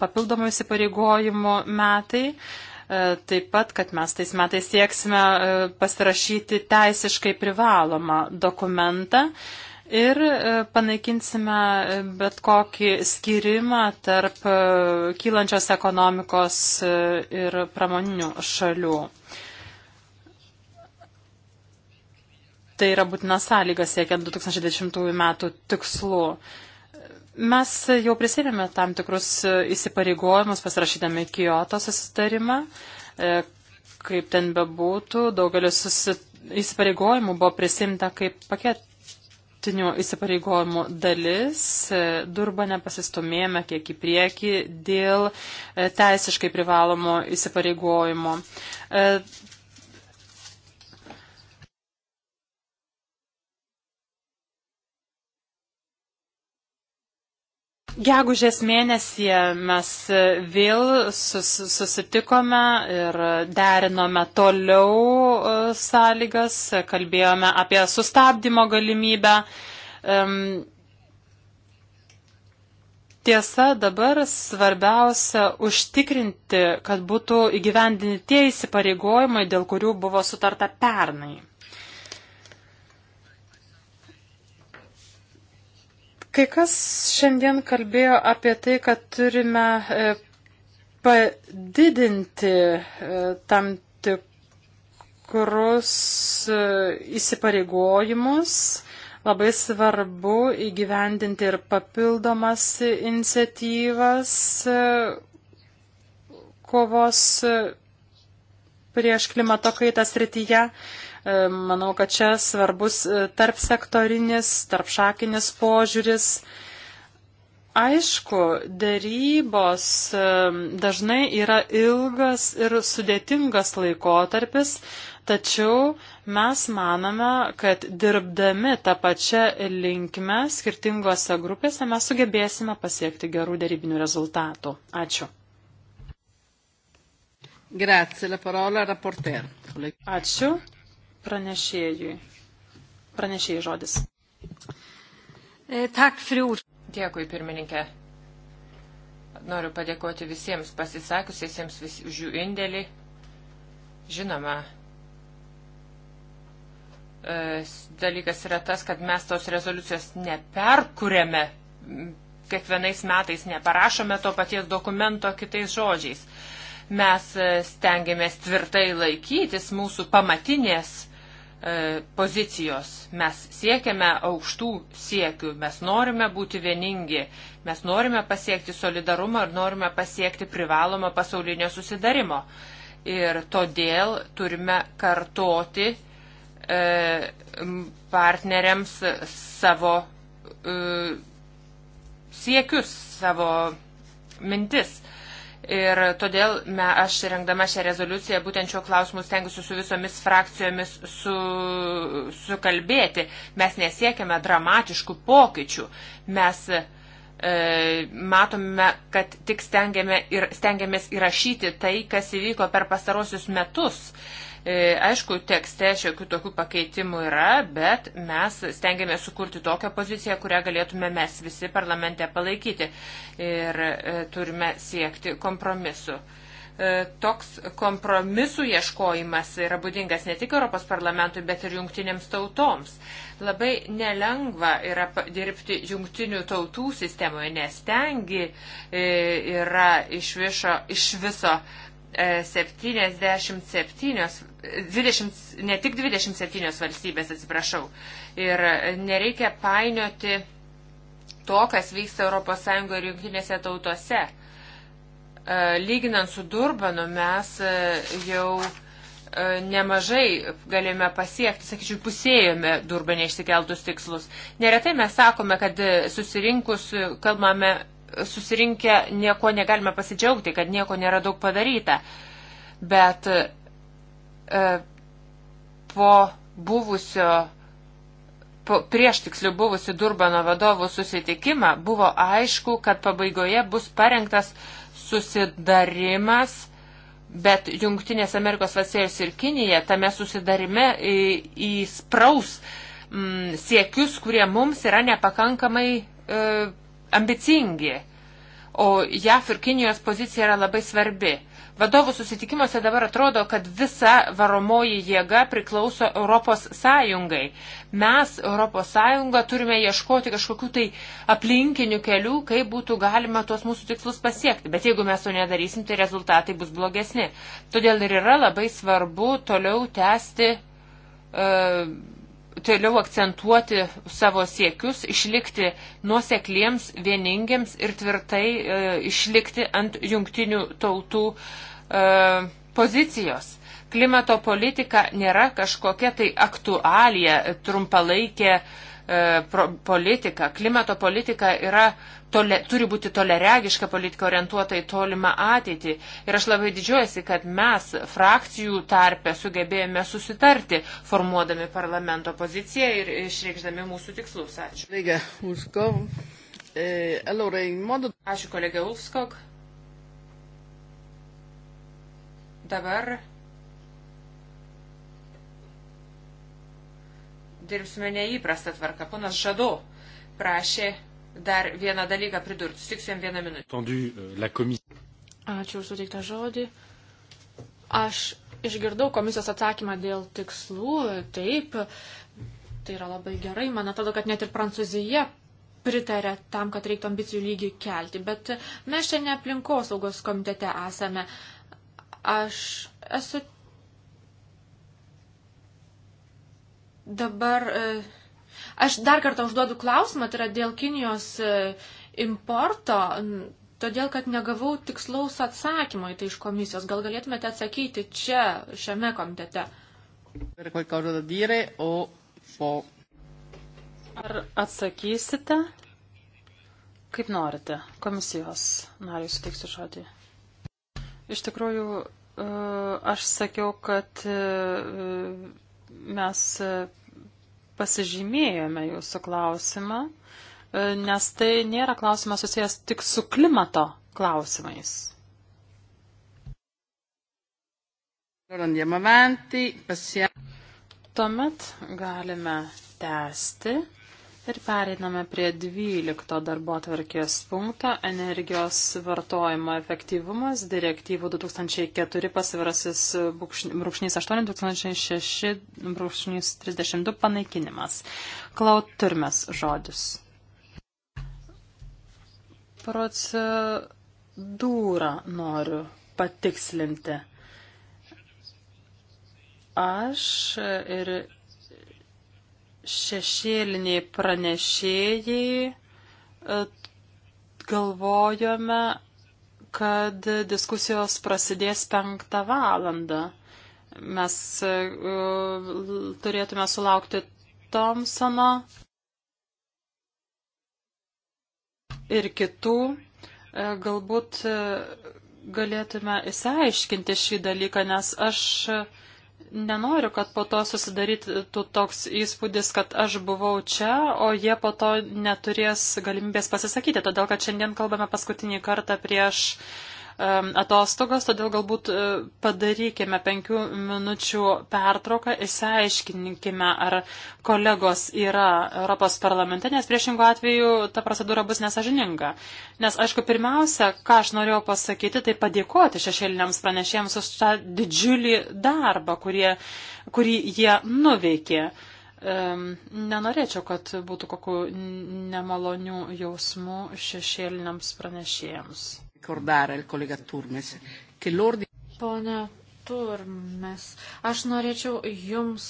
papildomų įsipareigojimų metai. E, taip pat, kad mes tais metais sieksime e, pasirašyti teisiškai privalomą dokumentą ir panaikinsime bet kokį skirimą tarp kylančios ekonomikos ir pramoninių šalių. Tai yra būtina sąlyga siekiant 2010 metų tikslų. Mes jau prisėmėme tam tikrus įsipareigojimus pasirašydami Kyoto susitarimą. E, kaip ten bebūtų, daugelis įsipareigojimų buvo prisimta kaip paketinių įsipareigojimų dalis. E, durba nepasistumėjome kiek į priekį dėl e, teisiškai privalomo įsipareigojimo. Gegužės mėnesį mes vėl sus, susitikome ir derinome toliau e, sąlygas, kalbėjome apie sustabdymo galimybę. Tiesa, dabar svarbiausia užtikrinti, kad būtų įgyvendinti tie įsipareigojimai, dėl kurių buvo sutarta pernai. Kai kas šiandien kalbėjo apie tai, kad turime e, padidinti e, tam tikrus e, įsipareigojimus. Labai svarbu įgyvendinti ir papildomas iniciatyvas kovos prieš klimato kaitą srityje. E, manau, kad čia svarbus e, tarp sektorinis, tarp šakinis požiūris. Aišku, dėrybos e, dažnai yra ilgas ir sudėtingas laikotarpis, Tačiau mes manome, kad dirbdami tą pačią linkmę skirtingose grupėse mes sugebėsime pasiekti gerų darybinių rezultatų. Ačiū. Grazie, la parola raporter. Ačiū pranešėjui. Pranešėjai žodis. E, tak, friūr. Dėkui, pirmininkė. Noriu padėkoti visiems pasisakusiesiems vis, už jų indėlį. Žinoma, e, dalykas yra tas, kad mes tos rezoliucijos neperkūrėme, kiekvienais metais neparašome to paties dokumento kitais žodžiais. Mes e, stengiamės tvirtai laikytis mūsų pamatinės E, pozicijos. Mes siekiame aukštų siekių, mes norime būti vieningi, mes norime pasiekti solidarumą ir norime pasiekti privalomą pasaulinio susidarimo. Ir todėl turime kartoti e, partneriams savo e, siekius, savo mintis. Ir todėl me, aš rengdama šią rezoliuciją būtent šio klausimu stengiuosi su visomis frakcijomis sukalbėti. Su mes nesiekime dramatiškų pokyčių. Mes e, matome, kad tik stengiame ir, stengiamės įrašyti tai, kas įvyko per pastarosius metus. E, E, aišku, tekste šiokių tokių pakeitimų yra, bet mes stengiamės sukurti tokią poziciją, kurią galėtume mes visi parlamente palaikyti ir e, turime siekti kompromisu. E, toks kompromisų ieškojimas yra būdingas ne tik Europos parlamentui, bet ir jungtinėms tautoms. Labai nelengva yra dirbti jungtinių tautų sistemoje, nes tengi yra iš, višo, iš viso 77, e, 20, ne tik 27 valstybės, atsiprašau. Ir nereikia painioti to, kas vyksta ES ir jungtinėse tautose. E, lyginant su Durbanu, mes e, jau nemažai galime pasiekti, sakyčiau, pusėjome Durbanė išsikeltus tikslus. Neretai mes sakome, kad susirinkus kalbame susirinkę nieko negalime pasidžiaugti, kad nieko nėra daug padaryta. Bet e, po buvusio, po, prieš tiksliau buvusių Durbano vadovų susitikimą buvo aišku, kad pabaigoje bus parengtas susidarimas Bet Junktinės Amerikos valstijos ir Kinija tame susidarime įspraus mm, siekius, kurie mums yra nepakankamai e, ambicingi, o JAF ir Kinijos pozicija yra labai svarbi. Vadovų susitikimuose dabar atrodo, kad visa varomoji jėga priklauso Europos Sąjungai. Mes, Europos Sąjunga, turime ieškoti kažkokių tai aplinkinių kelių, kaip būtų galima tuos mūsų tikslus pasiekti. Bet jeigu mes to nedarysim, tai rezultatai bus blogesni. Todėl ir yra labai svarbu toliau tęsti. Uh, toliau akcentuoti savo siekius, išlikti nuosekliems, vieningiams ir tvirtai e, išlikti ant jungtinių tautų e, pozicijos. Klimato politika nėra kažkokia tai aktualija, trumpalaikė e, E, politika, klimato politika yra, tole, turi būti toleregiška politika orientuota į tolimą ateitį. Ir aš labai didžiuojasi, kad mes frakcijų tarpę sugebėjome susitarti, formuodami parlamento poziciją ir išreikšdami mūsų tikslus. Ačiū. E, Ačiū kolegė Ulfskog. Dabar dirbsime neįprastą tvarką. Ponas Žado prašė dar vieną dalyką pridurti. Sutiksim vieną minutę. Euh, Ačiū už suteiktą žodį. Aš išgirdau komisijos atsakymą dėl tikslų. Taip, tai yra labai gerai. Man atrodo, kad net ir Prancūzija pritarė tam, kad reiktų ambicijų lygį kelti. Bet mes čia ne aplinkosaugos komitete esame. Aš esu dabar e, aš dar kartą užduodu klausimą, tai yra dėl Kinijos e, importo, todėl kad negavau tikslaus atsakymo į tai iš komisijos. Gal galėtumėte atsakyti čia, šiame komitete? Ar atsakysite? Kaip norite, komisijos nariai suteiksiu žodį. Iš tikrųjų, e, aš sakiau, kad Mes e, pasižymėjome jūsų klausimą, e, nes tai nėra klausimas susijęs tik su klimato klausimais. Tuomet galime tęsti. Ir pereiname prie 12 darbo atvarkės punkto - energijos vartojimo efektyvumas, direktyvų 2004 pasvirasis brūkšnys 8, 2006 brūkšnys 32 panaikinimas. Klaud turmes žodis. Procedūrą noriu patikslinti. Aš ir šešėliniai pranešėjai e, galvojome, kad diskusijos prasidės penktą valandą. Mes e, turėtume sulaukti Thompsono ir kitų. E, galbūt galėtume įsiaiškinti šį dalyką, nes aš uh, nenoriu, kad po to susidarytų toks įspūdis, kad aš buvau čia, o jie po to neturės galimybės pasisakyti, todėl kad šiandien kalbame paskutinį kartą prieš uh, Um, atostogas, todėl galbūt uh, padarykime penkių minučių pertrauką, įsiaiškinkime, ar kolegos yra Europos parlamente, nes priešingų atveju ta procedūra bus nesažininga. Nes, aišku, pirmiausia, ką aš norėjau pasakyti, tai padėkoti šešėliniams pranešėjams už tą didžiulį darbą, kurie, kurį jie nuveikė. Um, nenorėčiau, kad būtų kokių nemalonių jausmų šešėliniams pranešėjams ricordare al collega Turmes che l'ordine. Pone Turmes, aš norėčiau Jums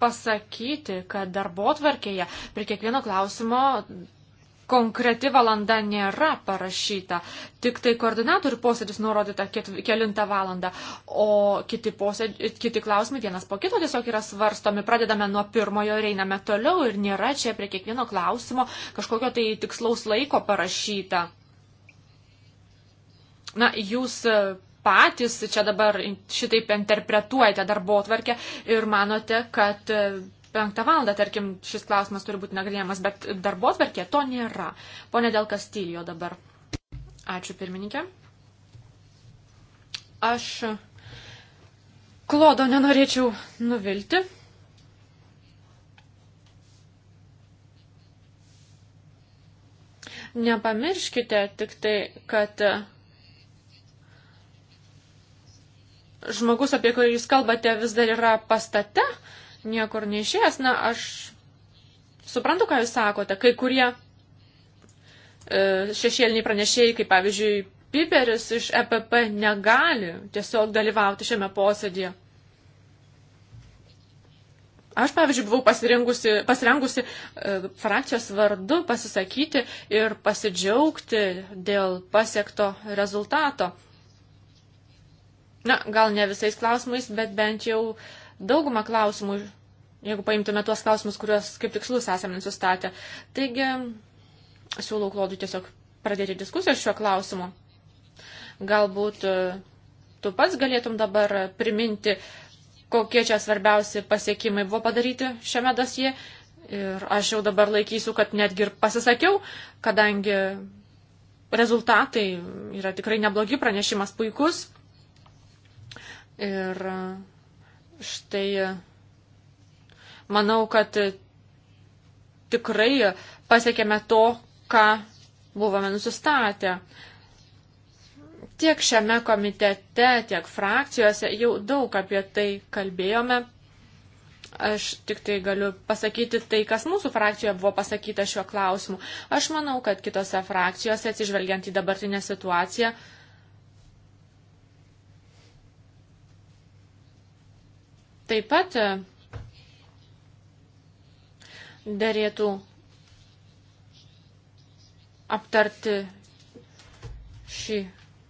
pasakyti, kad darbo tvarkėje prie kiekvieno klausimo konkreti valanda nėra parašyta. Tik tai koordinatorių posėdis nurodyta kelintą valandą, o kiti, posėdži, kiti klausimai vienas po kito tiesiog yra svarstomi. Pradedame nuo pirmojo ir einame toliau ir nėra čia prie kiekvieno klausimo kažkokio tai tikslaus laiko parašyta. Na, jūs e, patys čia dabar šitaip interpretuojate darbo atvarkę ir manote, kad e, penktą valandą, tarkim, šis klausimas turi būti nagrinėjamas, bet darbo atvarkė to nėra. Pone Del Kastylijo dabar. Ačiū pirmininkė. Aš klodo nenorėčiau nuvilti. Nepamirškite tik tai, kad žmogus, apie kurį jūs kalbate, vis dar yra pastate, niekur neišėjęs. Na, aš suprantu, ką jūs sakote. Kai kurie e, šešėliniai pranešėjai, kaip pavyzdžiui, Piperis iš EPP negali tiesiog dalyvauti šiame posėdėje. Aš, pavyzdžiui, buvau pasirengusi, pasirengusi e, frakcijos vardu pasisakyti ir pasidžiaugti dėl pasiekto rezultato. Na, gal ne visais klausimais, bet bent jau daugumą klausimų, jeigu paimtume tuos klausimus, kuriuos kaip tikslus esame nusistatę. Taigi, siūlau Klodui tiesiog pradėti diskusiją šiuo klausimu. Galbūt e, tu pats galėtum dabar priminti, kokie čia svarbiausi pasiekimai buvo padaryti šiame dosie. Ir aš jau dabar laikysiu, kad netgi ir pasisakiau, kadangi rezultatai yra tikrai neblogi, pranešimas puikus. Ir štai manau, kad tikrai pasiekėme to, ką buvome nusistatę. Tiek šiame komitete, tiek frakcijose jau daug apie tai kalbėjome. Aš tik tai galiu pasakyti tai, kas mūsų frakcijoje buvo pasakyta šiuo klausimu. Aš manau, kad kitose frakcijose, atsižvelgiant į dabartinę situaciją, uh, Taip pat e, dėrėtų aptarti šį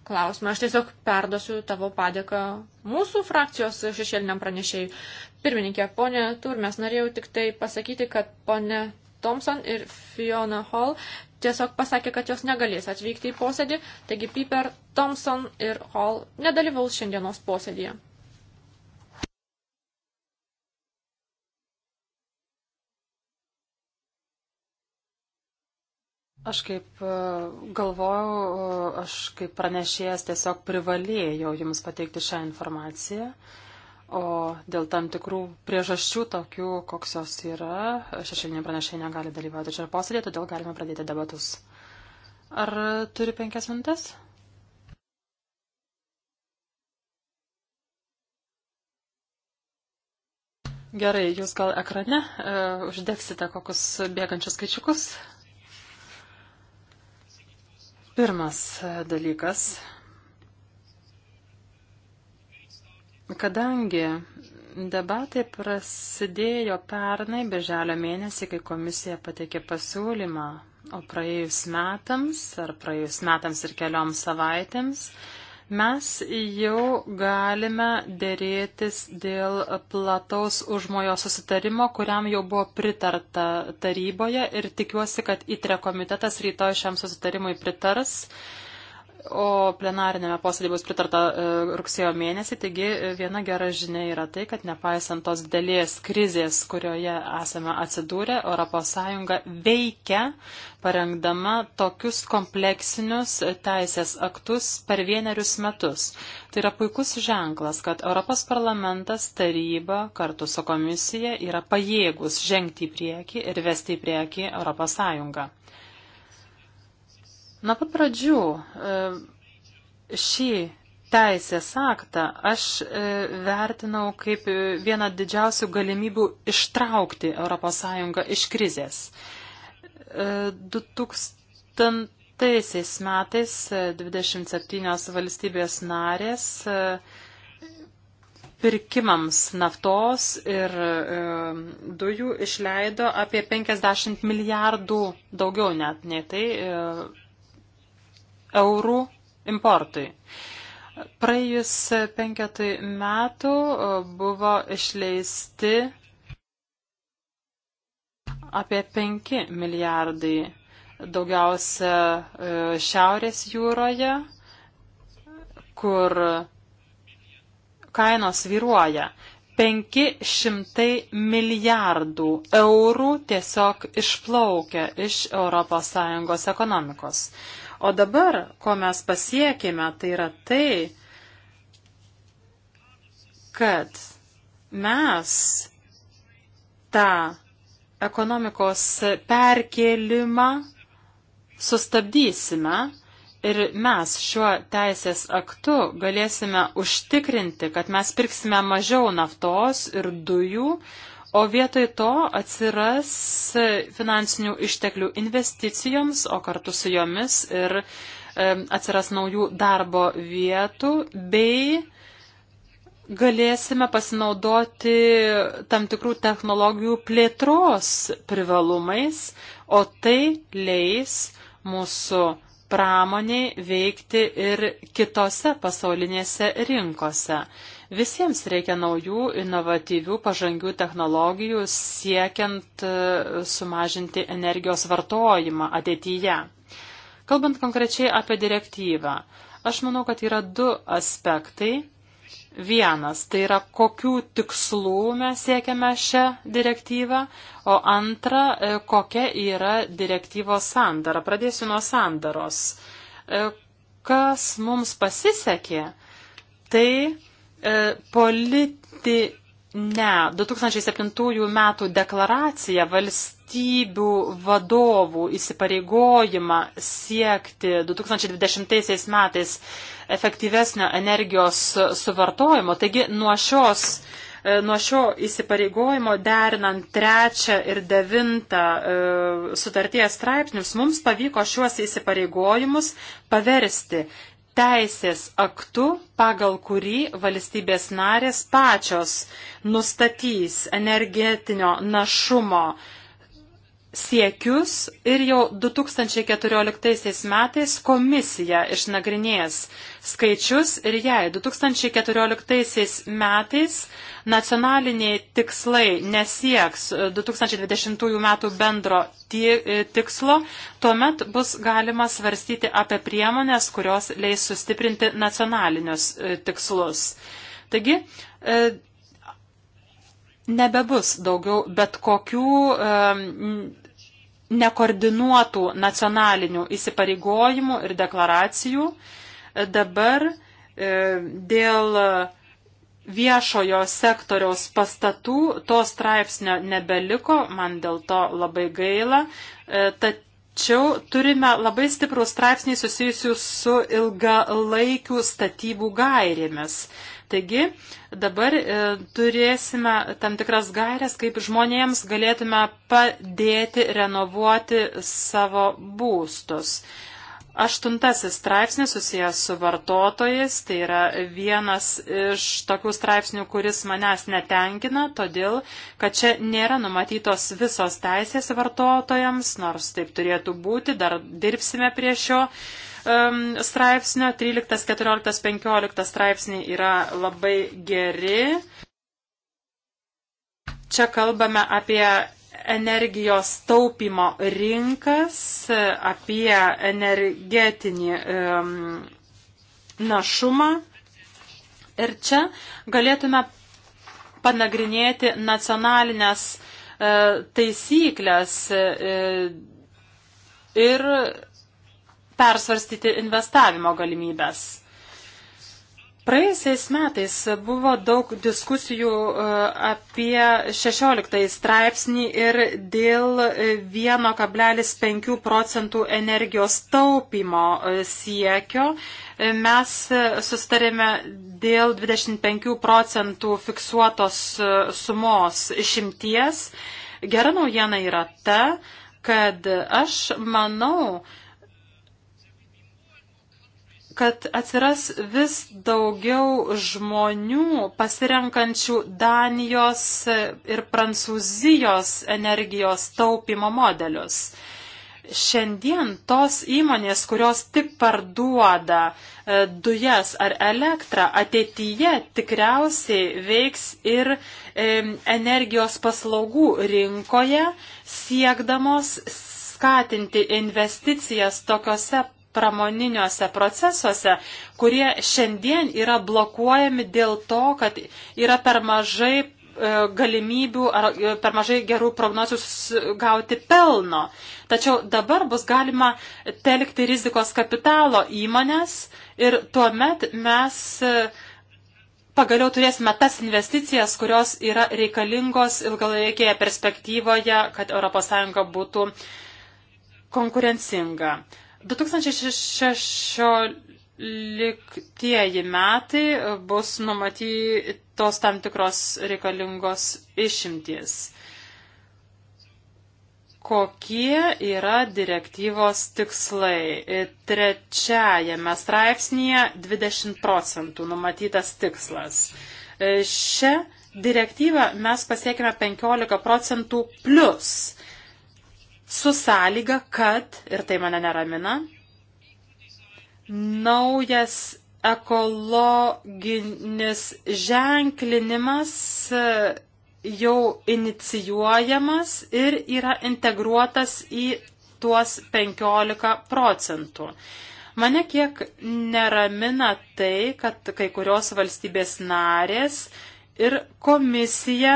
klausimą. Aš tiesiog perdosiu tavo padėką mūsų frakcijos šešėliniam pranešėjai. Pirmininkė, ponė Turmes, norėjau tik tai pasakyti, kad ponė Thompson ir Fiona Hall tiesiog pasakė, kad jos negalės atvykti į posėdį, taigi Piper, Thompson ir Hall nedalyvaus šiandienos posėdėje. Aš kaip e, galvojau, e, aš kaip pranešėjas tiesiog privalėjau Jums pateikti šią informaciją, o dėl tam tikrų priežasčių, tokių, koks jos yra, šešėlinė pranešėja negali dalyvauti čia posėdėje, todėl galime pradėti debatus. Ar turi penkias minutės? Gerai, jūs gal ekrane e, uždegsite kokius bėgančius skaičiukus? Pirmas dalykas. Kadangi debatai prasidėjo pernai, birželio mėnesį, kai komisija pateikė pasiūlymą, o praėjus metams, ar praėjus metams ir kelioms savaitėms, Mes jau galime dėrėtis dėl plataus užmojo susitarimo, kuriam jau buvo pritarta taryboje ir tikiuosi, kad įtre komitetas rytoj šiam susitarimui pritars o plenarinėme posėdėje bus pritarta e, rugsėjo mėnesį, taigi e, viena gera žinia yra tai, kad nepaisant tos dėlės krizės, kurioje esame atsidūrę, ES veikia parengdama tokius kompleksinius teisės aktus per vienerius metus. Tai yra puikus ženklas, kad Europos parlamentas taryba kartu su komisija yra pajėgus žengti į priekį ir vesti į priekį ES. Nuo pat pradžių e, šį teisės aktą aš e, vertinau kaip e, vieną didžiausių galimybių ištraukti ES iš krizės. 2000 2000 metais 27 valstybės narės pirkimams naftos ir dujų išleido apie 50 milijardų daugiau net nei tai eurų importui. Praėjus penketui metų e, buvo išleisti apie 5 milijardai, daugiausia e, Šiaurės jūroje, kur kainos vyruoja. 500 milijardų eurų tiesiog išplaukia iš ES ekonomikos. O dabar, ko mes pasiekime, tai yra tai, kad mes tą ekonomikos perkėlimą sustabdysime ir mes šiuo teisės aktu galėsime užtikrinti, kad mes pirksime mažiau naftos ir dujų, O vietoj to atsiras finansinių išteklių investicijoms, o kartu su jomis ir e, atsiras naujų darbo vietų bei galėsime pasinaudoti tam tikrų technologijų plėtros privalumais, o tai leis mūsų pramoniai veikti ir kitose pasaulinėse rinkose. Visiems reikia naujų, inovatyvių, pažangių technologijų siekiant e, sumažinti energijos vartojimą ateityje. Kalbant konkrečiai apie direktyvą, aš manau, kad yra du aspektai. Vienas tai yra, kokių tikslų mes siekiame šią direktyvą, o antra, e, kokia yra direktyvos sandara. Pradėsiu nuo sandaros. E, kas mums pasisekė, tai E, politinę 2007 metų deklaraciją valstybių vadovų įsipareigojimą siekti 2020 metais efektyvesnio energijos suvartojimo. Taigi nuo šios e, nuo šio įsipareigojimo derinant trečią ir devintą e, sutarties straipsnius, mums pavyko šiuos įsipareigojimus paversti teisės aktu, pagal kurį valstybės narės pačios nustatys energetinio našumo uh, siekius ir jau 2014 metais komisija išnagrinės skaičius ir jei 2014 metais nacionaliniai tikslai nesieks 2020 metų bendro e, tikslo, tuomet bus galima svarstyti apie priemonės, kurios leis sustiprinti nacionalinius e, tikslus. Taigi, e, nebebus daugiau bet kokių um, nekoordinuotų nacionalinių įsipareigojimų ir deklaracijų. Dabar e, dėl viešojo sektoriaus pastatų to straipsnio nebeliko, man dėl to labai gaila. E, Tad Tačiau turime labai stiprų straipsnį susijusių su ilgalaikių statybų gairėmis. Taigi dabar e, turėsime tam tikras gairės, kaip žmonėms galėtume padėti renovuoti savo būstus. E, Aštuntasis straipsnis susijęs su vartotojais, tai yra vienas iš tokių straipsnių, kuris manęs netenkina, todėl, kad čia nėra numatytos visos teisės vartotojams, nors taip turėtų būti, dar dirbsime prie šio um, straipsnio. 13, 14, 15 straipsniai yra labai geri. Čia kalbame apie energijos taupimo rinkas, apie energetinį um, našumą. Ir čia galėtume panagrinėti nacionalinės uh, taisyklės uh, ir persvarstyti investavimo galimybės. Praėjusiais metais buvo daug diskusijų e, apie 16 straipsnį ir dėl 1,5 procentų energijos taupimo e, siekio. E, mes sustarėme dėl 25 procentų fiksuotos sumos išimties. Gera naujiena yra ta, kad aš manau, kad atsiras vis daugiau žmonių pasirenkančių Danijos ir Prancūzijos energijos taupimo modelius. Šiandien tos įmonės, kurios tik parduoda e, dujas ar elektrą, ateityje tikriausiai veiks ir e, energijos paslaugų rinkoje, siekdamos skatinti investicijas tokiuose pramoniniuose procesuose, kurie šiandien yra blokuojami dėl to, kad yra per mažai e, galimybių ar e, per mažai gerų prognozių gauti pelno. Tačiau dabar bus galima telkti rizikos kapitalo įmonės ir tuomet mes e, pagaliau turėsime tas investicijas, kurios yra reikalingos ilgalaikėje perspektyvoje, kad ES būtų konkurencinga. 2016 metai bus numatytos tam tikros reikalingos išimties. Kokie yra direktyvos tikslai? Trečiajame straipsnėje 20 procentų numatytas tikslas. Šią direktyvą mes pasiekime 15 procentų plus su sąlyga, kad, ir tai mane neramina, naujas ekologinis ženklinimas e, jau inicijuojamas ir yra integruotas į tuos 15 procentų. Mane kiek neramina tai, kad kai kurios valstybės narės ir komisija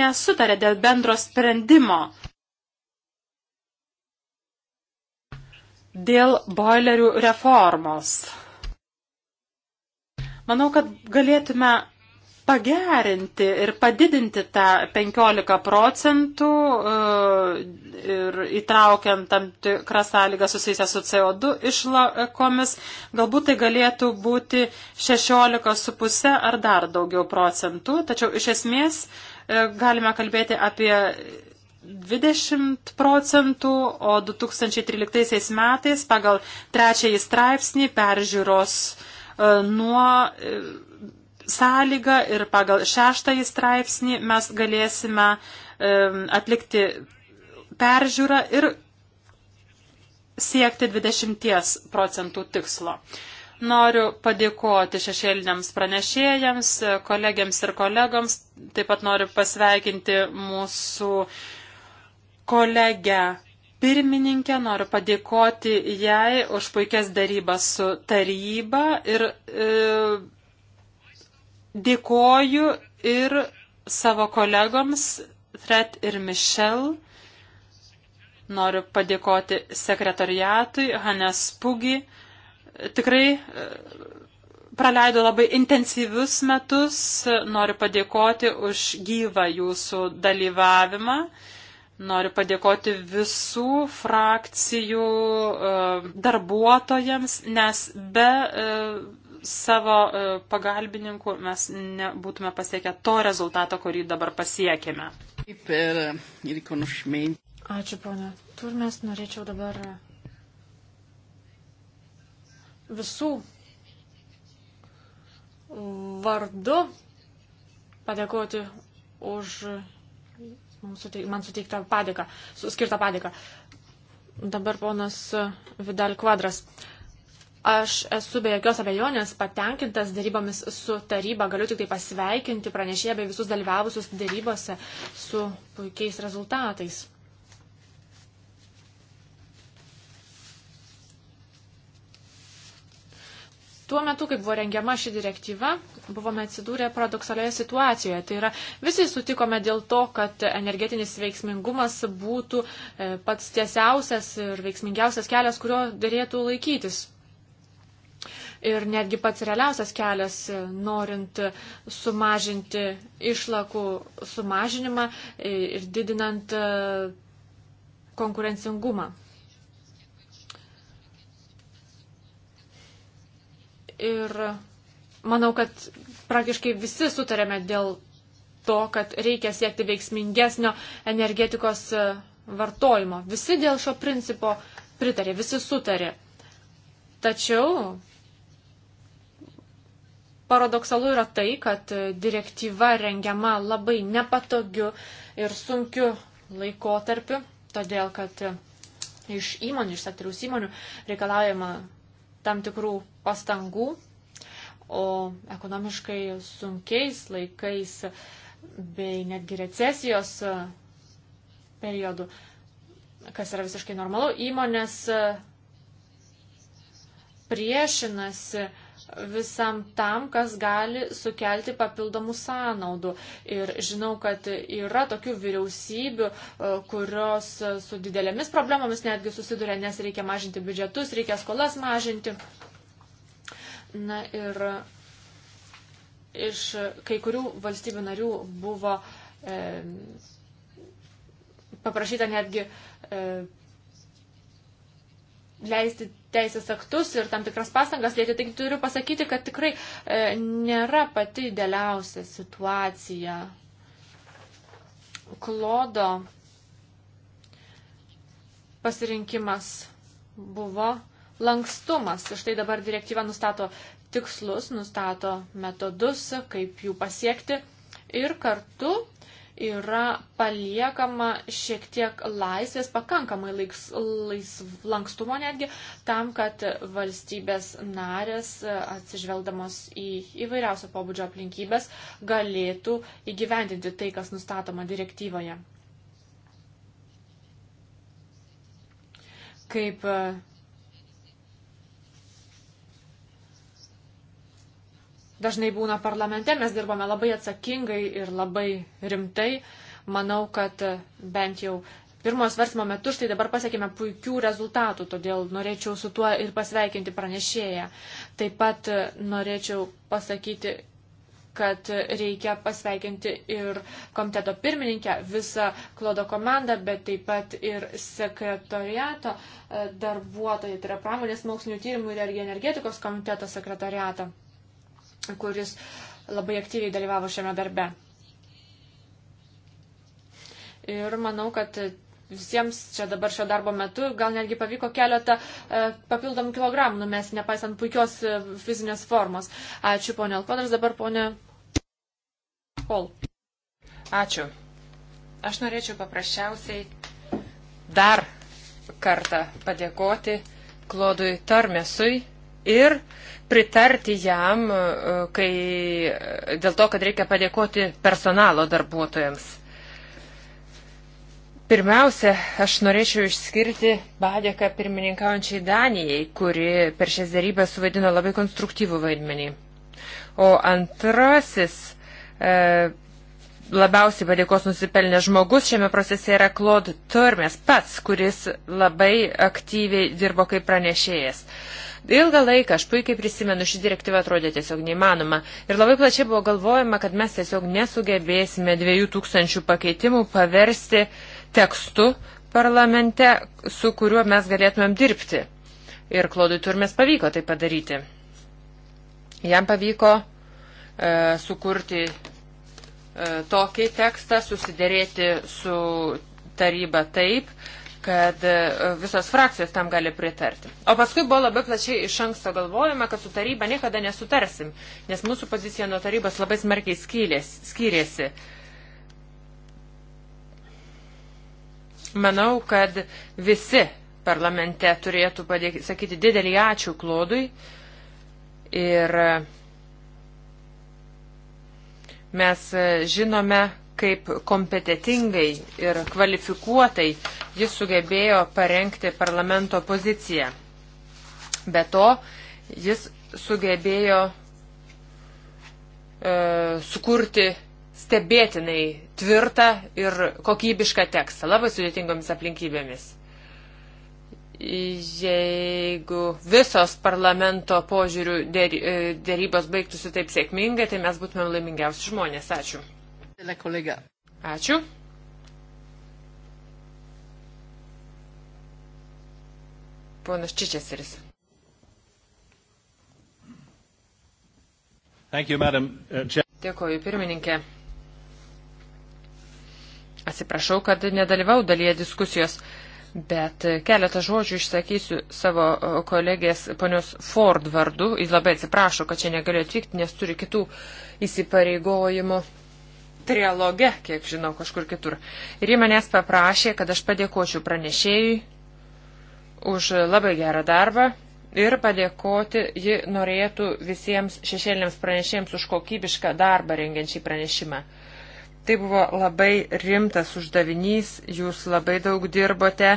nesutarė dėl bendro sprendimo. Dėl boilerių reformos. Manau, kad galėtume pagerinti ir padidinti tą 15 procentų e, ir įtraukiant tam tikrą sąlygą susijusią su CO2 išlakomis, galbūt tai galėtų būti 16,5 ar dar daugiau procentų, tačiau iš esmės uh, E, galime kalbėti apie 20 procentų, o 2013 metais pagal trečiąjį straipsnį peržiūros e, nuo e, sąlygą ir pagal šeštąjį straipsnį mes galėsime atlikti peržiūrą ir siekti 20 procentų tikslo. Noriu padėkoti šešėliniams pranešėjams, kolegiams ir kolegoms. Taip pat noriu pasveikinti mūsų kolegę pirmininkę. Noriu padėkoti jai už puikias darybas su taryba ir e, dėkoju ir savo kolegoms Fred ir Michelle. Noriu padėkoti sekretariatui Hanes Pugi tikrai e, praleido labai intensyvius metus. Noriu padėkoti už gyvą jūsų dalyvavimą. Noriu padėkoti visų frakcijų e, darbuotojams, nes be e, savo pagalbininkų mes nebūtume pasiekę to rezultato, kurį dabar pasiekėme. Ačiū, ponė. Turmės norėčiau dabar visų vardu padėkoti už man suteiktą padėką, skirtą padėką. Dabar ponas Vidal Kvadras. Aš esu be jokios abejonės patenkintas darybomis su taryba. Galiu tik tai pasveikinti pranešėją bei visus dalyvavusius darybose su puikiais rezultatais. Tuo metu, kai buvo rengiama ši direktyva, buvome atsidūrę paradoksalioje situacijoje. Tai yra, visi sutikome dėl to, kad energetinis veiksmingumas būtų e, pats tiesiausias ir veiksmingiausias kelias, kurio dėlėtų laikytis ir netgi pats realiausias kelias, e, norint sumažinti išlakų sumažinimą e, ir didinant konkurencingumą. Ir manau, kad praktiškai visi sutarėme dėl to, kad reikia siekti veiksmingesnio energetikos e, vartojimo. Visi dėl šio principo pritarė, visi sutarė. Tačiau paradoksalu yra tai, kad direktyva rengiama labai nepatogiu ir sunkiu laikotarpiu, todėl kad iš įmonių, iš sektoriaus įmonių reikalaujama tam tikrų pastangų, o ekonomiškai sunkiais laikais bei netgi recesijos e, periodu, kas yra visiškai normalu, įmonės e, priešinasi visam tam, kas gali sukelti papildomų sąnaudų. Ir žinau, kad yra tokių vyriausybių, e, kurios e, su didelėmis problemomis netgi susiduria, nes reikia mažinti biudžetus, reikia skolas mažinti. Na ir iš kai kurių valstybių narių buvo e, paprašyta netgi e, leisti teisės aktus ir tam tikras pastangas dėti. Taigi turiu pasakyti, kad tikrai e, nėra pati idealiausia situacija. Klodo pasirinkimas buvo lankstumas. Štai dabar direktyva nustato tikslus, nustato metodus, kaip jų pasiekti ir kartu yra paliekama šiek tiek laisvės, pakankamai laiks, lais, lankstumo netgi, tam, kad valstybės narės, e, atsižvelgdamos į įvairiausio pobūdžio aplinkybės, galėtų įgyvendinti tai, kas nustatoma direktyvoje. Kaip e, dažnai būna parlamente, mes dirbame labai atsakingai ir labai rimtai. Manau, kad e, bent jau pirmojo svarstymo metu štai dabar pasiekime puikių rezultatų, todėl norėčiau su tuo ir pasveikinti pranešėją. Taip pat e, norėčiau pasakyti, kad e, reikia pasveikinti ir komiteto pirmininkę, visą klodo komandą, bet taip pat ir sekretoriato darbuotojai, tai yra pramonės mokslinių tyrimų ir energetikos komiteto sekretoriato kuris labai aktyviai dalyvavo šiame darbe. Ir manau, kad visiems čia dabar šio darbo metu gal netgi pavyko keletą e, papildomų kilogramų numesti, nepaisant puikios e, fizinės formos. Ačiū, ponė Alkodras, dabar ponė Hol. Ačiū. Aš norėčiau paprasčiausiai dar kartą padėkoti Klodui Tarmesui ir pritarti jam, e, kai dėl to, kad reikia padėkoti personalo darbuotojams. Pirmiausia, aš norėčiau išskirti badėką pirmininkaujančiai Danijai, kuri per šias darybęs suvaidino labai konstruktyvų vaidmenį. O antrasis e, labiausiai padėkos nusipelnė žmogus šiame procese yra Claude Turmes pats, kuris labai aktyviai dirbo kaip pranešėjas. E, Ilgą laiką, aš puikiai prisimenu, ši direktyva atrodė tiesiog neįmanoma. Ir labai plačiai buvo galvojama, kad mes tiesiog nesugebėsime 2000 pakeitimų paversti tekstu parlamente, su kuriuo mes galėtumėm dirbti. Ir Klodui Turmės pavyko tai padaryti. Jam pavyko e, sukurti e, tokį tekstą, susidėrėti su taryba taip, e, kad e, visos frakcijos tam gali pritarti. O paskui buvo labai plačiai iš anksto galvojama, kad su taryba niekada nesutarsim, nes mūsų pozicija nuo tarybos labai smarkiai skylės, skyrėsi. Manau, kad visi parlamente turėtų padėkti, sakyti didelį ačiū Klodui ir mes žinome, kaip kompetitingai ir kvalifikuotai jis sugebėjo parengti parlamento poziciją. Be to, jis sugebėjo e, sukurti stebėtinai tvirtą ir kokybišką tekstą labai sudėtingomis aplinkybėmis. Jeigu visos parlamento požiūrių dėrybos e, baigtųsi taip sėkmingai, tai mes būtumėm laimingiausi žmonės. Ačiū. Ačiū. Ponas Čičeseris. Uh, Dėkoju, pirmininkė. Atsiprašau, kad nedalyvau dalyje diskusijos, bet keletą žodžių išsakysiu savo uh, kolegės ponios Ford vardu. Jis labai atsiprašo, kad čia negaliu atvykti, nes turi kitų įsipareigojimų trialoge, kiek žinau, kažkur kitur. Ir ji manęs paprašė, kad aš padėkočiau pranešėjui už labai gerą darbą ir padėkoti ji norėtų visiems šešėliniams pranešėjams už kokybišką darbą rengiant šį pranešimą. Tai buvo labai rimtas uždavinys, jūs labai daug dirbote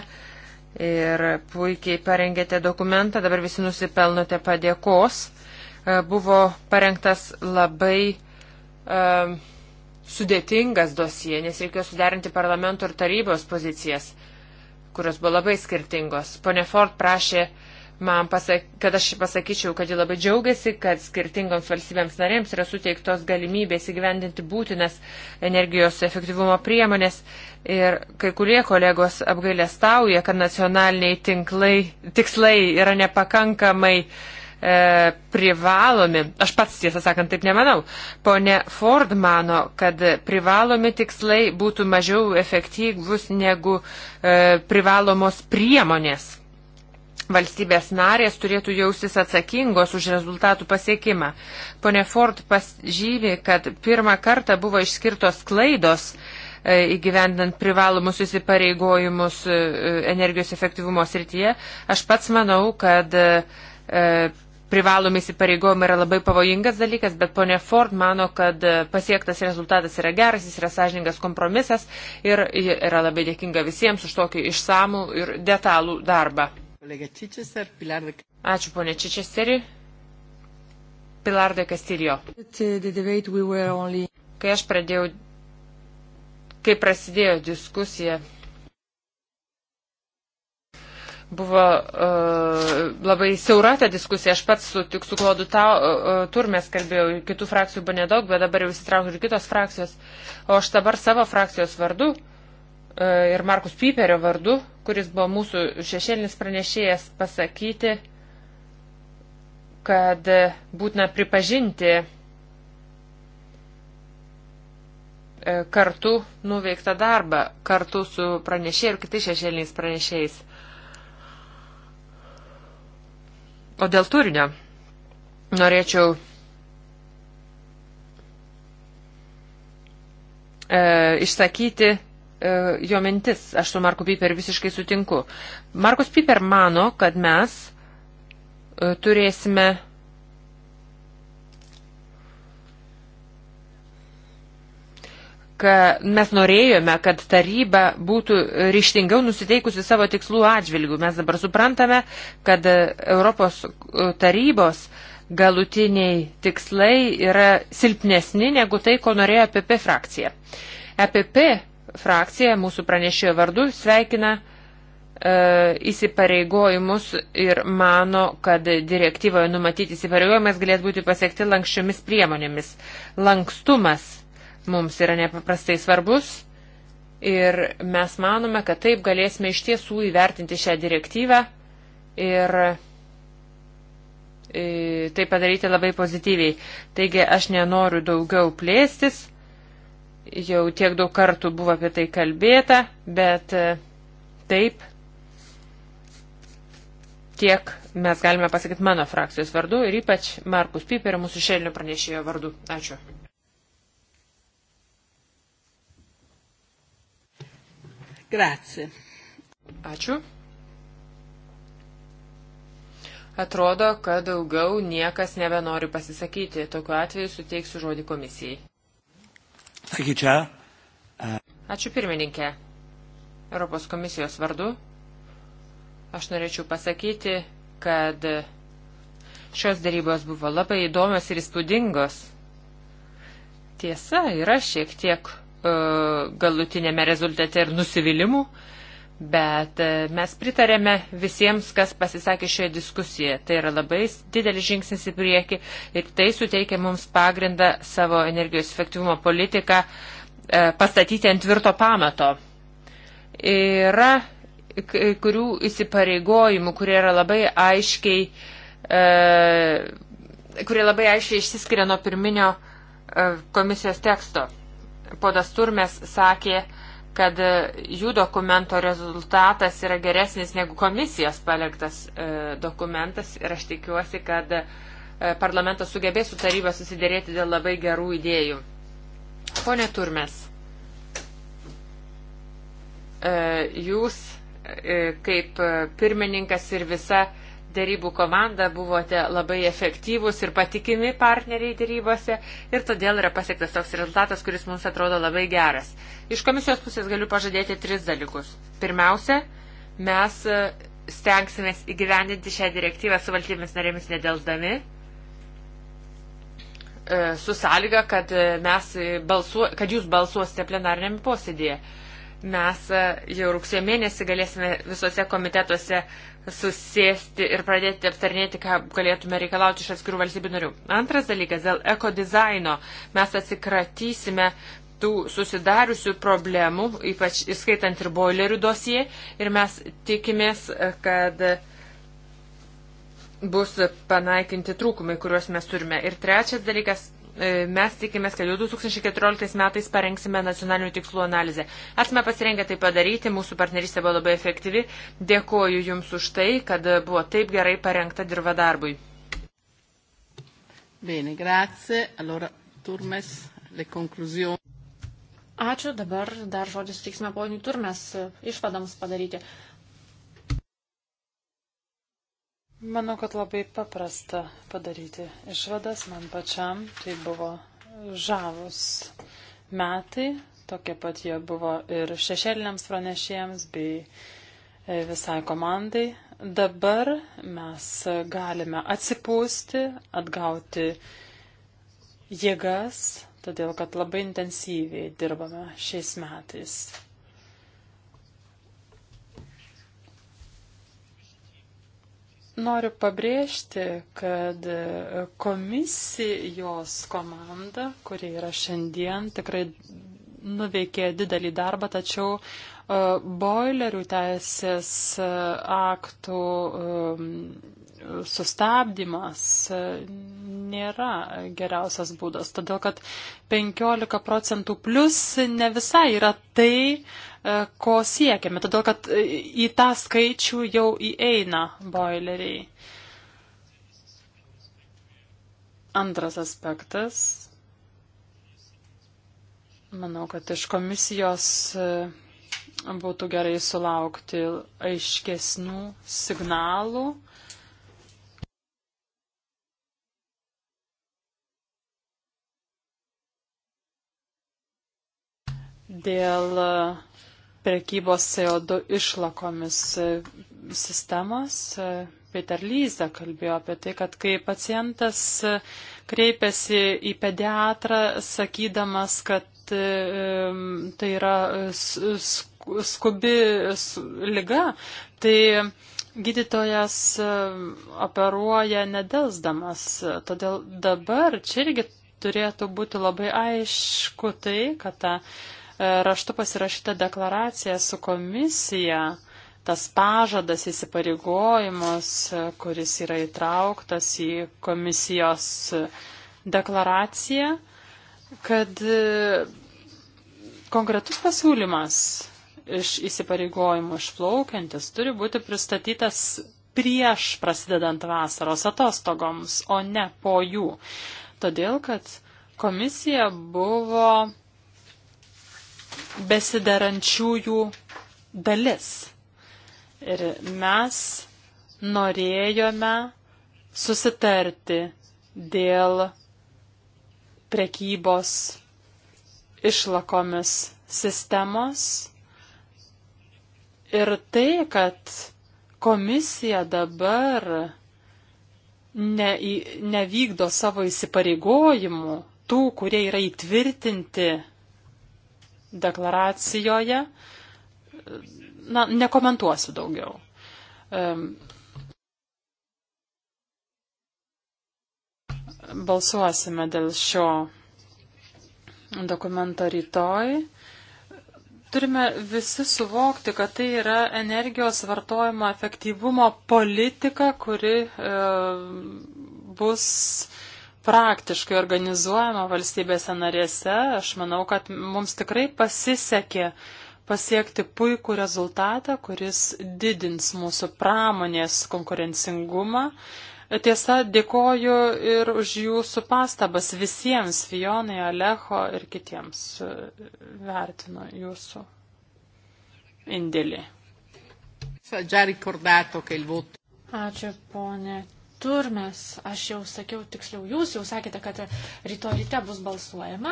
ir puikiai parengėte dokumentą, dabar visi nusipelnote padėkos. E, buvo parengtas labai um, sudėtingas dosie, nes reikėjo suderinti parlamento ir tarybos pozicijas, kurios buvo labai skirtingos. Pone Ford prašė man, pasak, kad aš pasakyčiau, kad ji labai džiaugiasi, kad skirtingoms valstybėms narėms yra suteiktos galimybės įgyvendinti būtinas energijos efektyvumo priemonės. Ir kai kurie kolegos apgailestauja, kad nacionaliniai tinklai, tikslai yra nepakankamai uh, e, privalomi. Aš pats tiesą sakant taip nemanau. Pone Ford mano, kad privalomi tikslai būtų mažiau efektyvus negu e, privalomos priemonės. Valstybės narės turėtų jausis atsakingos už rezultatų pasiekimą. Pone Ford pažymi, kad pirmą kartą buvo išskirtos klaidos e, įgyvendant privalomus įsipareigojimus e, e, energijos efektyvumo srityje. Aš pats manau, kad privalomi įsipareigojimai yra labai pavojingas dalykas, bet ponė Ford mano, kad e, pasiektas rezultatas yra geras, jis yra sąžiningas kompromisas ir yra labai dėkinga visiems už tokį išsamų ir detalų darbą. Ačiū ponė Čičesteri. Pilar de Castillo. Kai aš pradėjau, kai prasidėjo diskusija Buvo uh, labai siaura ta diskusija, aš pats su, tik su Klodu ta, uh, Turmės kalbėjau, kitų frakcijų buvo nedaug, bet dabar jau įsitraukiu ir kitos frakcijos. O aš dabar savo frakcijos vardu uh, ir Markus Piperio vardu, kuris buvo mūsų šešėlinis pranešėjas, pasakyti, kad būtina pripažinti kartu nuveiktą darbą, kartu su pranešėjai ir kitais šešėliniais pranešėjais. O dėl turinio norėčiau e, išsakyti e, jo mintis. Aš su Marku Piper visiškai sutinku. Markus Piper mano, kad mes e, turėsime kad mes norėjome, kad taryba būtų ryštingiau nusiteikusi savo tikslų atžvilgių. Mes dabar suprantame, kad Europos e, tarybos galutiniai tikslai yra silpnesni negu tai, ko norėjo EPP frakcija. EPP frakcija mūsų pranešėjo vardu sveikina e, įsipareigojimus ir mano, kad direktyvoje numatyti įsipareigojimas galės būti pasiekti lankščiomis priemonėmis. Lankstumas mums yra nepaprastai svarbus ir mes manome, kad taip galėsime iš tiesų įvertinti šią direktyvą ir e, tai padaryti labai pozityviai. Taigi aš nenoriu daugiau plėstis, jau tiek daug kartų buvo apie tai kalbėta, bet e, taip tiek mes galime pasakyti mano frakcijos vardu ir ypač Markus Piperio mūsų šelinio pranešėjo vardu. Ačiū. Grazie. Ačiū. Atrodo, kad daugiau niekas nebenori pasisakyti. Tokiu atveju suteiksiu žodį komisijai. Sakyčia. Ačiū pirmininkė. Europos komisijos vardu. Aš norėčiau pasakyti, kad šios darybos buvo labai įdomios ir įspūdingos. Tiesa, yra šiek tiek E, galutinėme rezultate ir nusivylimų, bet e, mes pritarėme visiems, kas pasisakė šioje diskusijoje. Tai yra labai didelis žingsnis į priekį ir tai suteikia mums pagrindą savo energijos efektyvumo politiką e, pastatyti ant tvirto pamato. Yra kurių įsipareigojimų, kurie yra labai aiškiai, kurie labai aiškiai išsiskiria nuo pirminio komisijos teksto podas Turmes sakė, kad e, jų dokumento rezultatas yra geresnis negu komisijos paliktas e, dokumentas ir aš tikiuosi, kad e, parlamentas sugebės su taryba susidėrėti dėl labai gerų idėjų. Pone Turmes, jūs kaip pirmininkas ir visa dėrybų komanda buvote labai efektyvūs ir patikimi partneriai dėrybose ir todėl yra pasiektas toks rezultatas, kuris mums atrodo labai geras. Iš komisijos pusės galiu pažadėti tris dalykus. Pirmiausia, mes e, stengsimės įgyvendinti šią direktyvą su valstybėmis narėmis nedelsdami e, su sąlyga, kad, e, mes balsuo, kad jūs balsuosite plenariniam posėdėje mes e, jau rugsėjo mėnesį galėsime visose komitetuose susėsti ir pradėti aptarnėti, ką galėtume reikalauti iš atskirų valstybių narių. Antras dalykas, dėl ekodizaino mes atsikratysime tų susidariusių problemų, ypač įskaitant ir boilerių dosiją, ir mes tikimės, e, kad bus panaikinti trūkumai, kuriuos mes turime. Ir trečias dalykas, E, mes tikimės, kad jau 2014 metais parengsime nacionalinių tikslų analizę. Esame pasirengę tai padaryti, mūsų partnerystė buvo labai efektyvi. Dėkoju Jums už tai, kad buvo taip gerai parengta dirba darbui. Bene, grazie. Allora, Turmes, le conclusioni. Ačiū, dabar dar žodis tiksime ponių Turmes išvadams padaryti. Manau, kad labai paprasta padaryti išvadas. Man pačiam tai buvo žavus metai. Tokie pat jie buvo ir šešėliniams pranešėjams bei e, visai komandai. Dabar mes galime atsipūsti, atgauti jėgas, todėl kad labai intensyviai dirbame šiais metais. Noriu pabrėžti, kad komisijos komanda, kurie yra šiandien, tikrai nuveikė didelį darbą, tačiau e, boilerių teisės e, aktų e, sustabdymas nėra geriausias būdas, todėl kad 15 procentų plus ne visai yra tai, e, ko siekiame, todėl kad e, į tą skaičių jau įeina boileriai. Antras aspektas. Manau, kad iš komisijos e, būtų gerai sulaukti aiškesnių signalų dėl e, prekybos CO2 išlakomis e, sistemos. E, Peter Lyza kalbėjo apie tai, kad kai pacientas kreipiasi į pediatrą, sakydamas, kad tai yra skubi lyga, tai gydytojas operuoja nedelsdamas. Todėl dabar čia irgi turėtų būti labai aišku tai, kad ta E, raštu pasirašyta deklaracija su komisija, tas pažadas įsipareigojimas, e, kuris yra įtrauktas į komisijos deklaraciją, kad e, konkretus pasiūlymas iš įsipareigojimų išplaukiantis turi būti pristatytas prieš prasidedant vasaros atostogoms, o ne po jų. Todėl, kad komisija buvo besidarančiųjų dalis. Ir mes norėjome susitarti dėl prekybos išlakomis sistemos ir tai, kad komisija dabar ne, nevykdo savo įsipareigojimų, tų, kurie yra įtvirtinti deklaracijoje. Na, nekomentuosiu daugiau. Balsuosime dėl šio dokumento rytoj. Turime visi suvokti, kad tai yra energijos vartojimo efektyvumo politika, kuri e, bus e, praktiškai organizuojama valstybėse narėse, aš manau, kad mums tikrai pasisekė pasiekti puikų rezultatą, kuris didins mūsų pramonės konkurencingumą. Tiesa, dėkoju ir už jūsų pastabas visiems, Fijonai, Alecho ir kitiems. Vertinu jūsų indėlį. Ačiū, ponė kitur mes, aš jau sakiau, tiksliau jūs jau sakėte, kad ryto ryte bus balsuojama.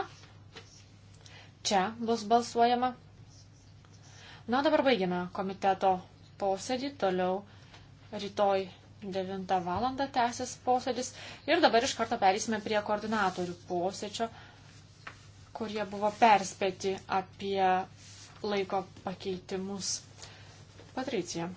Čia bus balsuojama. Na, dabar baigiame komiteto posėdį, toliau rytoj 9 val. tęsis posėdis ir dabar iš karto perėsime prie koordinatorių posėdžio, kurie buvo perspėti apie laiko pakeitimus. Patricija.